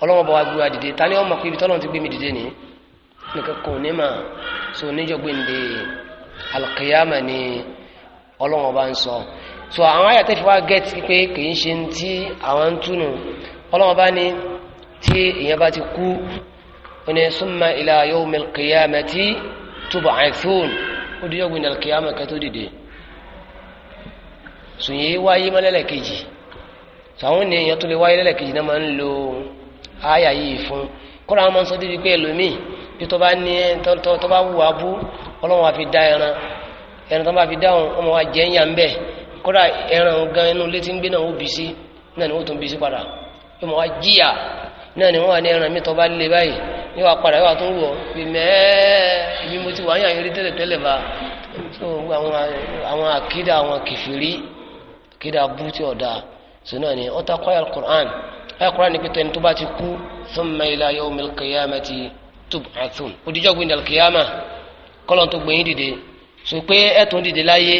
ọlọ́wọ́ bá wa gbé wa dìde ta ni ọmọ pé ibi tọ́lọ́run ti gbé mi dìde nìyí nìkan ní mà so níjọ gbẹ̀ǹde alqiyama ni ọlọ́wọ́ bá ń sọ so àwọn àyàtẹ́ fi wá gẹ́t pé kì í ṣe ti àwọn ń túnu ọlọ́wọ́ bá ní tí ìyẹn bá ti kú ó ní summa ila yawmil qiyamati tub'athun ó di alkiyama alqiyama kẹ́tó dìde sùn yìí wáyé mọ́lẹ́lẹ̀ kejì sàwọn ènìyàn tó lè wáyé lẹ́lẹ̀ náà máa ń lo àyà yìí fún kọ́ra wọn máa ń sọ débi pé ẹlòmíì bí tó bá ní tó bá wù abú ọlọ́run àfi dá ẹran ẹran tó bá fi dáhùn ọmọ wa jẹ́ ń yà ń bẹ̀ kọ́ra ẹran gan inú létí ń gbé náà ó bì sí náà ni ó tún bì sí padà ọmọ wa jìyà náà ni wọ́n wà ní ẹran mi tó bá lé báyìí ní wàá padà wà tó ń wọ̀ bí mẹ́ẹ́ ibi mo ti wà yàn yín tẹ́lẹ̀ tẹ́lẹ̀ bá àwọn àkídà àwọn kìfìrí àkídà bú tí ọ̀dà sọ náà ni ọ̀tá kọ́yà quran ayakura ni pété ní tó bá ti kú thumma ila yawmil qiyamati tub'athun òdìjọ́ gbé ndàlù kìyàmà kọ́lọ̀ tó gbé yín dìde so pé ẹ̀ dìde láyé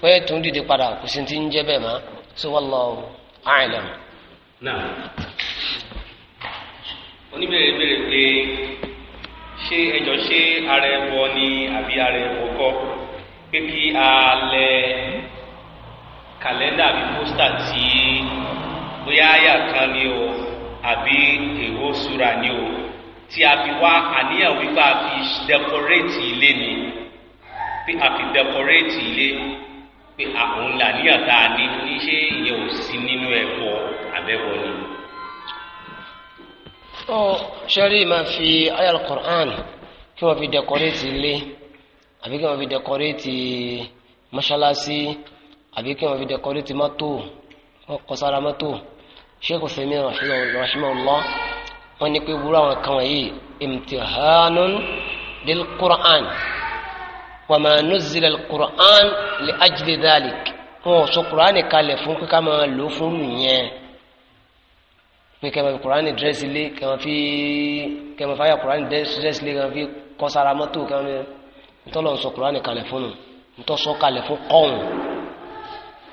pé ẹ̀ dìde padà kò sí ti ń jẹ́ bẹ́ẹ̀ mọ́ so wallahu a'lam. náà oníbèrè béèrè pé ṣé ẹjọ́ ṣé ara ẹbọ ni àbí ara ẹbọ kọ́ pé kí a lẹ kàlẹ́ndà àbí pósítà tí bóyá àyà kan ni o àbí èwo sura ni o tí a fi wá àníyàn wípé a fi dẹkọréètì ilé ni pé a fi dẹkọréètì ilé pé àwọn làníyàn tá a ní ní ṣé ìyẹn ò sí nínú ẹ̀kọ́ abẹ́wọ̀ ni. ọ ṣẹ́rí máa fi àyà Al-Qur'an kí wọ́n fi dẹkọréètì ilé àbí kí wọ́n fi dẹkọréètì mọ́ṣáláṣí àbí kí wọ́n fi dẹkọréètì mọ́tò wọ́n mọ́tò sheikh usaimin rahimahullah wọ́n ní pé wúrọ àwọn kan wọ̀nyí imtihanun lil qur'an wa ma nuzila al qur'an li ajli dhalik wọn ò sọ qur'an kalẹ̀ fún kíkà máa lò fún nìyẹn pé kẹmọ fi qur'an dírẹ́sì lé kẹmọ fi kẹmọ fàyà qur'an dírẹ́sì lé kẹmọ fi kọsára mọ́tò kẹmọ fi ntọ́lọ́ sọ qur'an kalẹ̀ fún un ntọ́ sọ fún kọ́ọ̀n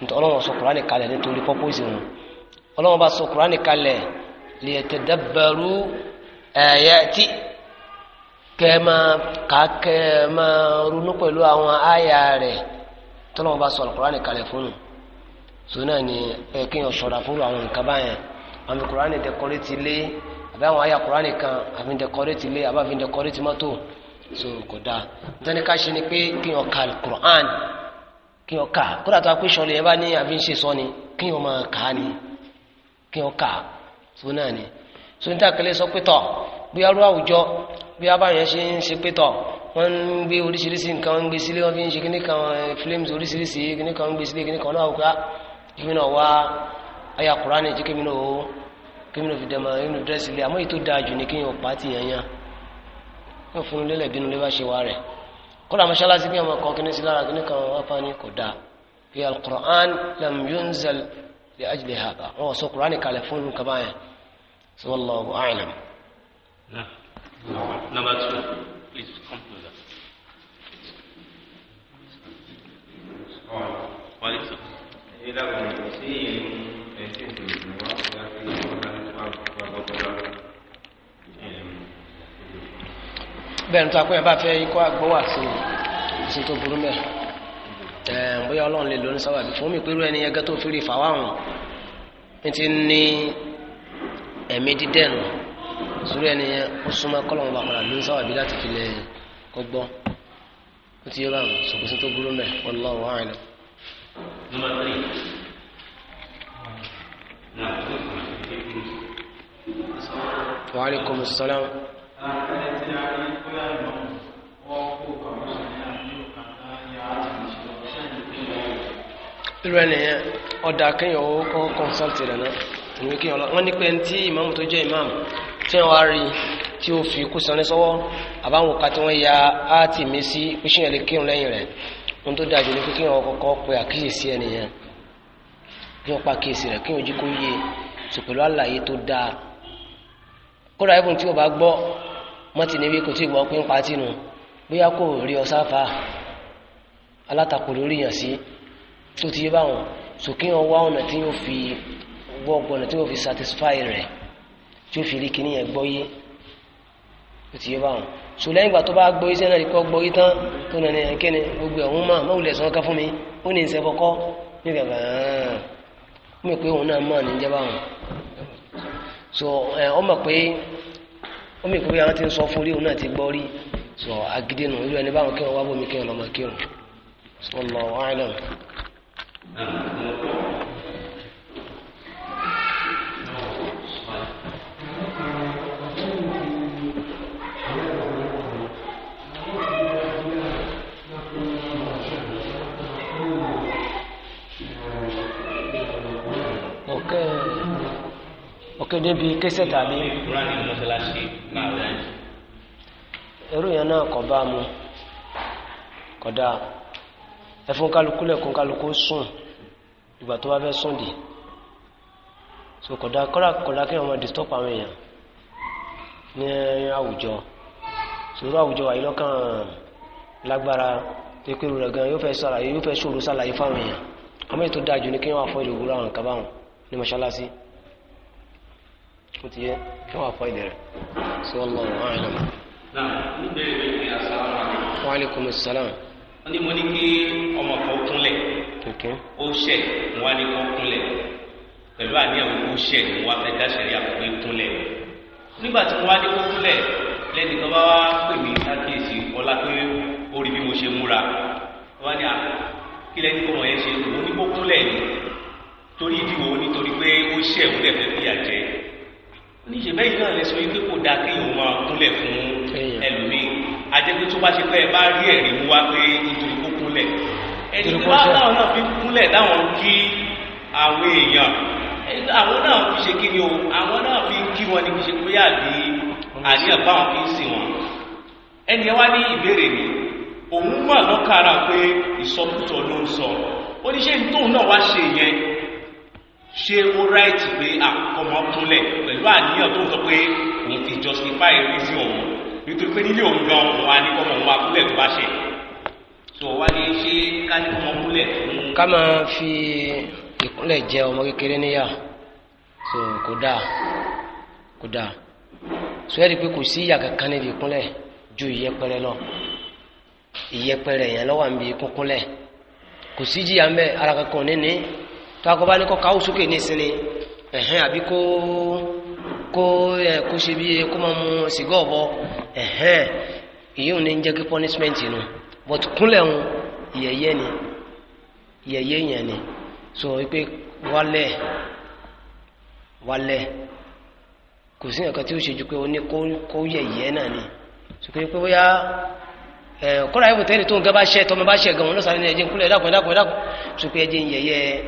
ntọ́lọ́ sọ qur'an kalẹ̀ nítorí pọ́pọ́sì wọn ọlọ́wọ́n bá sọ kúránì kalẹ̀ lè tẹ̀dábẹ̀rú ayati kẹ́ máa kà kẹ́ máa ronú pẹ̀lú àwọn àyà rẹ̀ tọ́lọ́wọ́n bá sọ kúránì kalẹ̀ fún un so náà ni ẹ kí yàn ṣọ́ra fún àwọn nǹkan báyẹn àmì kúránì dẹkọrẹ́tì lé àbí àwọn àyà kúránì kan àfi dẹkọrẹ́tì lé àbí àfi dẹkọrẹ́tì mọ́tò so kò dáa nítorí ká ṣe ni pé kí yàn ka kúránì kí yàn kà kó dàtọ́ àpéṣọ́ lè yẹn bá ní àfi ń ṣe sọ ni kí yàn máa kà á ni kí wọ́n kà á tó náà ni tó ní tàkìlẹ̀ sọ pé tọ̀ bí arú àwùjọ bí abáyẹn ṣe ń ṣe pé tọ̀ wọ́n ń gbé oríṣiríṣi nǹkan wọ́n ń gbé sílé wọ́n fi ń ṣe kíní kan eh, flames oríṣiríṣi kíní kan wọ́n ń gbé sílé kíní kan náà wọ́n kíní ah, náà wá ayà kúránì tí kíní náà ó kíní náà fi dẹ̀ mọ́ dẹ́sí ilé àmọ́ èyí tó dáa jù ní kíní ọ̀pá ti yàn yàn wọ́n fún un lélẹ̀ bínú lé bá ṣe wá rẹ̀ kódà mọ́ṣáláṣí kí ọmọ kan kíní sí lára kíní kan wọ́n fani kò dáa لأجل هذا هو سوق قرآن قال فون كباية سو الله أعلم نعم نمبر 2 please come to that bóyá ọlọ́run lè lóní sábà bí fún mi pẹ̀lú ẹni ẹgẹ́ tó fìrí fà ní ti ní ẹ̀mí dídẹ́nu sórí ẹni ó súnmọ́ kọ́lọ́run bá padà lóní sábà bí láti fi lè kọ́gbọ́ ó ti yé báwọn ṣòkòsí tó burú mẹ́ ọlọ́run wà áìlẹ̀. Wa alaikumus salam. irú ẹnìyẹn ọ̀dà kéèyàn ó kọ́ kọ́nsọ́ọ̀tì rẹ̀ náà ìwé kéèyàn lọ wọ́n ní pé tí ìmáàmù tó jẹ́ ìmáàmù tí wọ́n wá rí tí ó fi kú sanni sọ́wọ́ àbáwọn òkà tí wọ́n ya áàtì mi sí píṣìyàn lè kírun lẹ́yìn rẹ̀ ohun tó dájú ni pé kéèyàn kọ́kọ́ pe àkíyèsí ẹnìyẹn kéèyàn pa àkíyèsí rẹ̀ kéèyàn ojú kó yé e. sọ pẹ̀lú àlàyé tó dáa kódà ibùn tí o bá gbọ́ mọ́tì níbi kò tí ì gbọ́ pé ń tó ti yé báwọn sòkè wọn wá ọ̀nà tí yóò fi wọ́ na tí yóò fi satisfy rẹ̀ tí yóò fi rí kíní yẹn gbọ́ yé tó ti yé báwọn sò lẹ́yìn ìgbà tó bá gbọ́ yé sẹ́nà ìkọ́ gbọ́ yé tán tó nà ní kíni gbogbo ẹ̀hún fún mi ó ní ní ah, pé òun náà ní so ẹ eh, ọ mọ̀ pé ó pé ti ń sọ fún orí òun náà ti gbọ́ rí kéde bíi késẹ tàbí. irú yẹn náà kọ bá mu kódà ẹfun kálukú lẹkùn kálukú sùn ìgbà tó bá fẹ́ sùn dì so kódà kọ́ra kódà kí ọmọ disturb àwọn èèyàn ní àwùjọ sòrò àwùjọ wà yìí lọ́kàn lágbára pé pé rẹ̀ gan yóò fẹ́ ṣàlàyé yóò fẹ́ ṣòro ṣàlàyé fáwọn èèyàn àmọ́ ètò dájú ni kí wọ́n afọ ìlú wúrà nǹkan báwọn ní mọ́ṣáláṣí ó ti yẹ kí wọ́n afọ ìlú rẹ̀ sí ọlọ́run àìlọ́. wa alaikumus salam. wọ́n ní mo ní kí ọmọ kan kúnlẹ̀ ó ṣẹ̀ wọ́n á ní kó kúnlẹ̀ pẹ̀lú àníyàn ó ṣẹ̀ wọ́n á fẹ́ dá sẹ̀rí àkókò kúnlẹ̀ nígbà tí wọ́n á ní kó kúnlẹ̀ lẹ́ni tó bá wá pè mí lákèésí ọlá pé ó rí bí mo ṣe múra wọ́n á ní kí lẹ́ni kó mọ̀ yẹn ṣe òun ní kó kúnlẹ̀ ni torí ìdíwọ́ nítorí pé ó ṣẹ̀ òun dẹ̀ fẹ́ fìyà jẹ níṣẹ́ bẹ́ẹ̀ náà lè sọ yìí pé kò dáa kí òun máa kúnlẹ̀ fún ẹlòmíì àjẹpẹ́ tó bá ṣe pé ẹ bá rí ẹ̀rí mú wá pé nítorí kó kúnlẹ̀ ẹni tí wọ́n táwọn náà fi kúnlẹ̀ dáwọn kí àwọn èèyàn àwọn náà fi ṣe kí ni o àwọn náà fi kí wọn ni kì í ṣe pé àdé àníyàn báwọn fi ń sìn wọn ẹni ẹ wá ní ìbéèrè ni òun mọ̀ lọ́kàrà pé ìsọkútọ̀ ló ń sọ ó ní ṣé tóun náà wá ṣe yẹn ṣé ó ráìtì pé àkọmọ kúnlẹ̀ pẹ̀lú àníyàn tó ń sọ pé òun ti justify reason òun nítorí pé nílé òun gan òun wá ní kọ́mọ òun wá kúnlẹ̀ tó bá ṣe Kama wá ní ṣé ká ní ọmọ kúlẹ̀ fún. ká máa fi ìkúnlẹ̀ jẹ ọmọ kékeré níyà so kò dáa kò dáa so ẹ́ rí i pé kò sí ìyà kankan níbi ìkúnlẹ̀ ju ìyẹpẹrẹ lọ ìyẹpẹrẹ yẹn lọ́wọ́ àmì ìkúnkúnlẹ̀ kò sí jìyà ń bẹ ara kankan níní tó akọba ní kọ́ káwó sókè ní ìsinmi ẹ̀hẹ́n àbí kó kó ẹ̀ kó ṣe bí kó máa mu sìgá ọ̀bọ ẹ̀hẹ́n ìyóò ní jẹ́ kí punishment nù. No but kúnlẹ̀ ń yẹ̀yẹ́ ni yẹ̀yẹ́ yẹn ni sọ wípé wálẹ̀ wálẹ̀ kò sí nǹkan tí ó ṣe ju pé ó ní kó yẹ̀yẹ́ náà ni sọ pé bóyá kọ́ra ẹ̀bùn tẹ́lẹ̀ tó ń gẹ́ bá ṣẹ́ tọ́mọ bá ṣẹ́ gan-an lọ́sàn-án ní ẹ̀jẹ̀ kúnlẹ̀ ẹ̀dàkùn ẹ̀dàkùn ẹ̀dàkùn sọ pé ẹ̀jẹ̀ yẹ̀yẹ́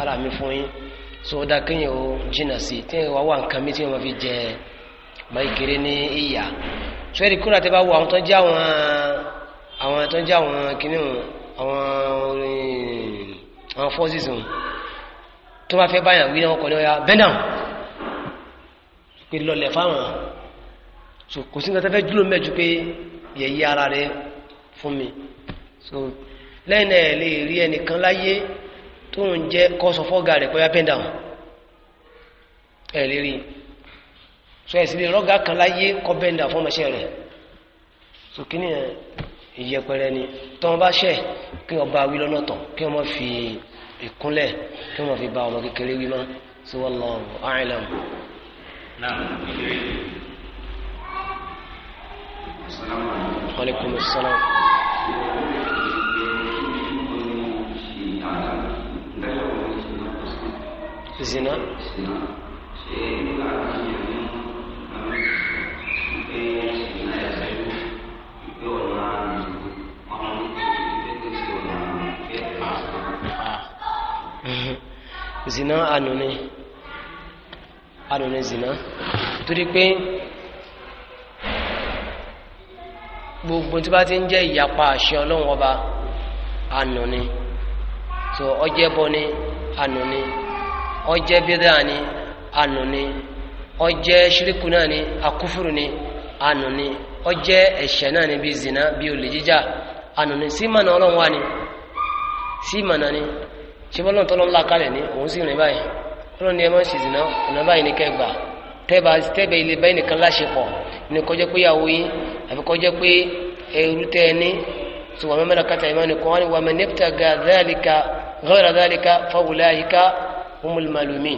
ara mi fún yín so da kéèyàn ó jìnnà sí tí wàá wà nǹkan mi tí wọn fi jẹ máa kéré ní ìyà so ẹni kúrò àti bá wo àwọn tó jẹ àwọn àwọn tó ń jẹ́ àwọn kìnnì wọn àwọn àwọn forces wọn tó bá fẹ́ báyàn wí wọn kọ́ bẹ́ndà pé lọlẹ̀ fáwọn so kò sí nǹkan tó fẹ́ jùlọ mẹ́jù pé yẹ̀yí ara rẹ fún mi so lẹ́yìn náà lè rí ẹnìkan láyé tó ń jẹ́ kọ́sọ̀ fọ́gà rẹ̀ pé ọ̀yà bẹ́ndà ẹ̀ lè rí so ẹ̀sìn lè rọ́gà kan láyé kọ́ bẹ́ndà fún ọmọọṣẹ́ rẹ̀ so kìnnì ìyẹpẹrẹ ni tó wọn bá ṣẹ̀ kí wọn bá wí lọ́nà tán kí wọn fi ìkúnlẹ̀ kí wọn fi ba ọmọ kékeré wí mọ́ sí wọn lọ àìlẹ́m. aleykum zina. zina. zina ànúni ànúni zina torí pé gbogbo tí bá ti ń jẹ́ ìyapa àṣẹ ọlọ́run ọba ànúni tó ọjẹ́ bọ́ ni ànúni ọjẹ́ bídà ni ànúni ọjẹ́ ṣíríkù náà ni akúfùrù ni ànúni ọjẹ́ ẹ̀ṣẹ̀ náà ni bí zina bí olè jíjà ànúni sí mànà ọlọ́run wa ni sí mànà ni. ṣé bọ́lá tó lọ́la kalẹ̀ ní òun sì rìn báyìí bọ́lá ni ẹ máa ń ṣe ìdìnnà ọ̀nà báyìí ní kẹgbà tẹ́bà tẹ́bà ilé báyìí nìkan láṣepọ̀ ní kọjá pé yàwó yín àfi kọjá pé ẹrú tẹ́ ẹ ní sọ wàmí mẹ́ta kàtà ìmọ̀ nìkan wọn ni wàmí nẹ́pítà ga dáàlíkà gọ́ọ̀rà dáàlíkà fáwọlá yíká ọmọlùmọ̀lùmí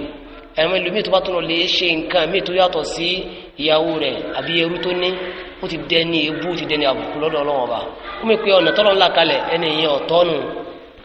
ẹ̀mọ́ ìlúmí tó bá tó lọ lè ṣe nǹkan mí tó yàtọ̀ sí ìyàwó rẹ̀ àbí ẹrú tó ní ó ti dẹni ebú ó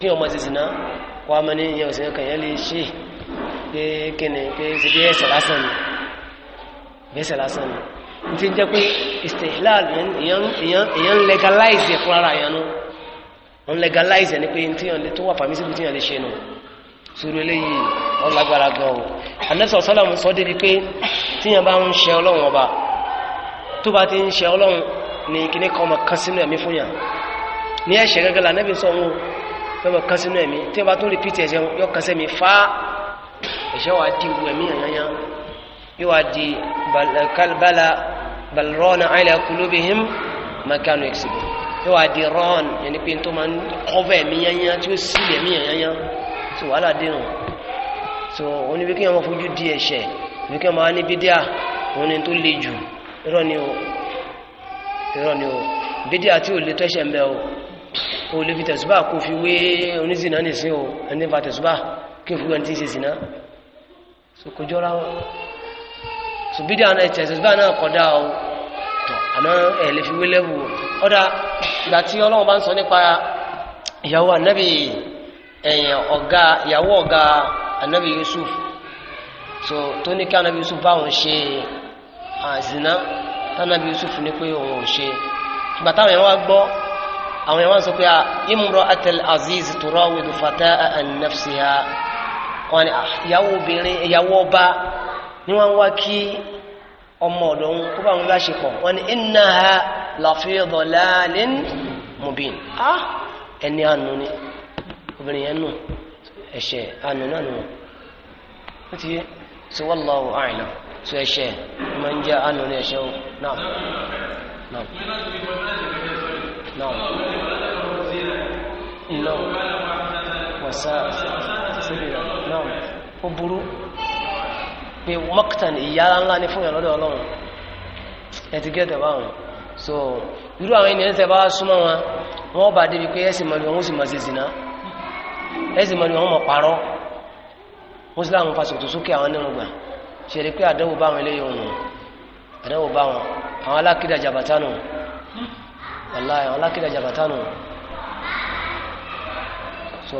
kí ọmọ ti sìnà kọ́ ọmọ ní ìyẹn òsìnà kàn yẹn lè ṣe pé kíni pé ṣe bí ẹsẹ̀ lásán ni bí ẹsẹ̀ lásán ni n ti jẹ́ pé istihlal ìyẹn legalize fún ara ìyẹn nu wọ́n legalize ni pé tí wọ́n tó wà permissible tí wọ́n lè ṣe nù sórí eléyìí wọ́n lágbára gan o anẹ́sọ̀ sọ́làmù sọ débi pé tí wọ́n bá ń ṣe ọlọ́run ọba tó bá ti ń ṣe ọlọ́run ní kíní ọmọ kan sínú ẹ̀mí fún yàn ní ẹ̀ṣẹ̀ gẹ́gẹ́ la nẹ́bí yọ mọ kan sínú ẹ̀mí tí wọ́n bá tún repeat ẹ̀ṣẹ̀ yọ kan sẹ́mi fa ẹ̀ṣẹ̀ wa di wu ẹ̀mí yanyanya yọ wa di balbala balrọ́ọ̀nà ala kulubihim makanu ẹ̀sìgbò yọ wa di rọ́ọ̀n yẹn ni pé tó máa ń kọ́fẹ́ ẹ̀mí yanyanya tí ó sì ẹ̀mí yanyanya tí wàhálà dé nù so òní bí kí wọ́n fojú di ẹ̀ṣẹ̀ bí kí wọ́n máa ní bídíà òun ni tó le jù irọ́ ni o irọ́ ni o bídíà tí ò le tó ẹ̀ṣẹ̀ mbẹ́ o o lè fi tẹ̀sùbá kó fi wé oníṣìnà nìsín o ẹni fa tẹ̀sùbá kí fún tí ṣe ṣìnà so kò jọra wọn so bídí àwọn ẹ̀tẹ̀ tẹ̀sùbá náà kọ̀dá o tọ̀ àmọ́ ẹ̀ lè fi wé lẹ́wù o ọ̀dà ìgbà tí ọlọ́run bá ń sọ nípa ìyàwó ànábì ẹ̀yìn ọ̀gá so tó ní kí ànábì Yusuf báwọn ṣe àzìnà tánábì Yusuf ní pé òun àwọn ẹ̀wọ̀n sọ pé a ah, imra'atul aziz turawidu fata'a an nafsiha wọn ni ah, ìyàwó obìnrin ìyàwó ọba ni wọ́n wá kí ọmọ ọ̀dọ̀ ń kó bá wọn láṣepọ̀ wọn ni innaha lafi dhalalin mubin ah, ẹni àánú ni obìnrin yẹn nù ẹ̀ṣẹ̀ àánú náà nù wọ́n ti yé sọ wallahu a'lam sọ ẹ̀ṣẹ̀ máa ń jẹ́ àánú ni ẹ̀ṣẹ̀ náà náà. نعم نعم وساء سبيلا نعم ó burú pé mọ́kítàn ìyára ńlá ní fún ìrànlọ́dọ̀ ọlọ́run ẹ ti so irú àwọn ènìyàn tẹ́ bá súnmọ́ wọn wọ́n bá débi pé ẹ̀sìn mọ̀lú wọn sì mọ̀ sí ìsìná ẹ̀sìn mọ̀lú wọn mọ̀ parọ́ wọ́n sì láwọn fasòkòtò sókè àwọn nírùngbà ṣẹlẹ̀ wọn àdánwò bá wọn àwọn alákìdá jàbátánù wàláyé ọlákìlá jàbátá nù so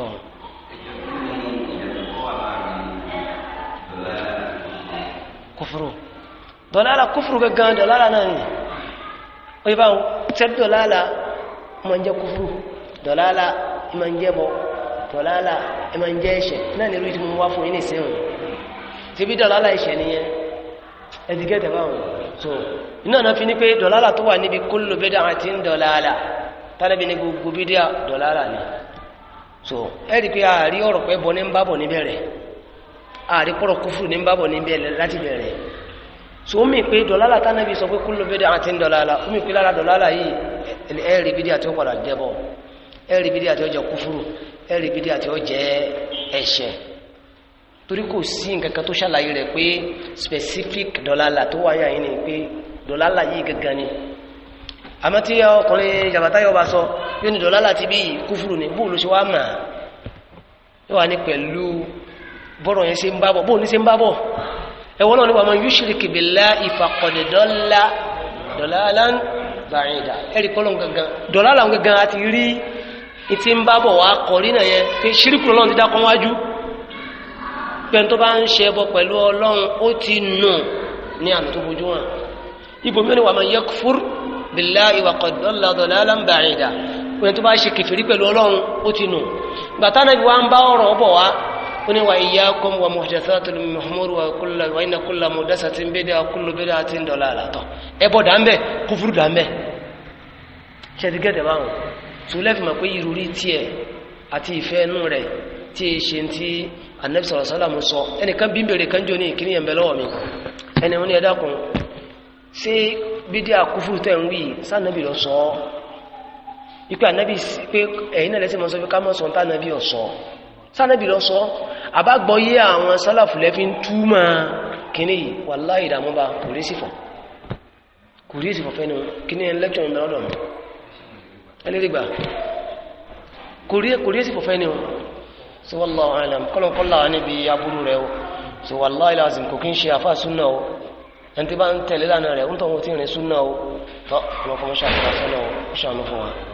kufuru dọlára kufuru gangan dọlára náà ni oye bá wọn tẹ́lẹ̀ dọlára ma ń jẹ́ kufuru dọlára ma ń jẹ́ bọ dọlára ma ń jẹ́ ẹ̀ṣẹ̀ náà ni lóyún tí mo wá ẹ̀dìgẹ́dẹ̀ báwọn so iná na fi ní pé dọ̀lálà tó wà níbi kullu bid'atin dọ̀lálà tálẹ́bí ní gbogbo bídíà dọ̀lálà ni so ẹ̀rí pé àárí ọ̀rọ̀ pẹ́ bọ́ ní ń bábọ̀ níbẹ̀rẹ̀ àárí pọ̀rọ̀ kúfù ní ń bábọ̀ níbẹ̀rẹ̀ láti bẹ̀rẹ̀ so ó mì pé dọ̀lálà tánàbí sọ pé kullu bid'atin dọ̀lálà ó mì pé lára dọ̀lálà yìí ẹ̀rí bídíà tí ó padà dẹ́bọ̀ ẹ̀rí bídíà tí ó jẹ kúfùrù ẹ̀rí bídíà torí kò sí nǹkan kan tó ṣàlàyé rẹ̀ pé specific dọ́làlà tó wáyà yìí ni pé dọ́làlà yìí gangan ni àmọ́ tí ọkùnrin jàbátá yóò bá sọ yóò ní dọ́làlà ti bí kúfùrù ní bóòlù ṣe wá mà yóò wá ní pẹ̀lú bọ́rọ̀ yẹn ṣe ń bábọ̀ bóòlù ṣe ń bábọ̀ ẹ̀wọ́n náà ni wàá mọ yushrik billahi faqad dọ́là dọ́làlà ń gangan pẹ̀lú tó bá ń ṣe ẹbọ pẹ̀lú ọlọ́run ó ti ni wà máa yakfur billahi wa qad dalla dalalan ba'ida pẹ̀lú tó bá ṣe kèfèrí pẹ̀lú ọlọ́run ó ti nù gbàtà náà wà ń bá ọ̀rọ̀ ọ̀bọ̀ wá ó ní wa iyyakum wa muhdathatil wa anabi sọ̀rọ̀ sọ́làmù sọ ẹnìkan bí bèrè kan jò ní ìkíní yẹn bẹ lọ́wọ́ mi ẹni wọn ni ẹ dákun ṣé bídí àkúfù tẹ̀ ń wí sànàbì lọ sọ ọ́ ipe anabi pé ẹ̀yin náà lẹ́sìn mọ́ sọ pé ká mọ́ sọ tá anabi ọ̀ sọ sànàbì lọ sọ àbágbọ́yé àwọn sálàfù lẹ́fi ń túmọ̀ kíní yìí wàláhì ìdààmú bá kò rí sí fọ̀ kò rí sí fọ̀ fẹ́ni kíní yẹn mi ẹni rí gbà kò rí sí sí wallahu alam kọ́lọ̀kọ́lá níbi aburú rẹ̀ o sí wallahi lazim kò kí ń ṣe àfà súnà o ẹni tí bá ń tẹ̀lé lánàá rẹ̀ ń tọ́wọ́ tí ń súnà o tọ́ ọlọ́kọ́ mọ́ṣáà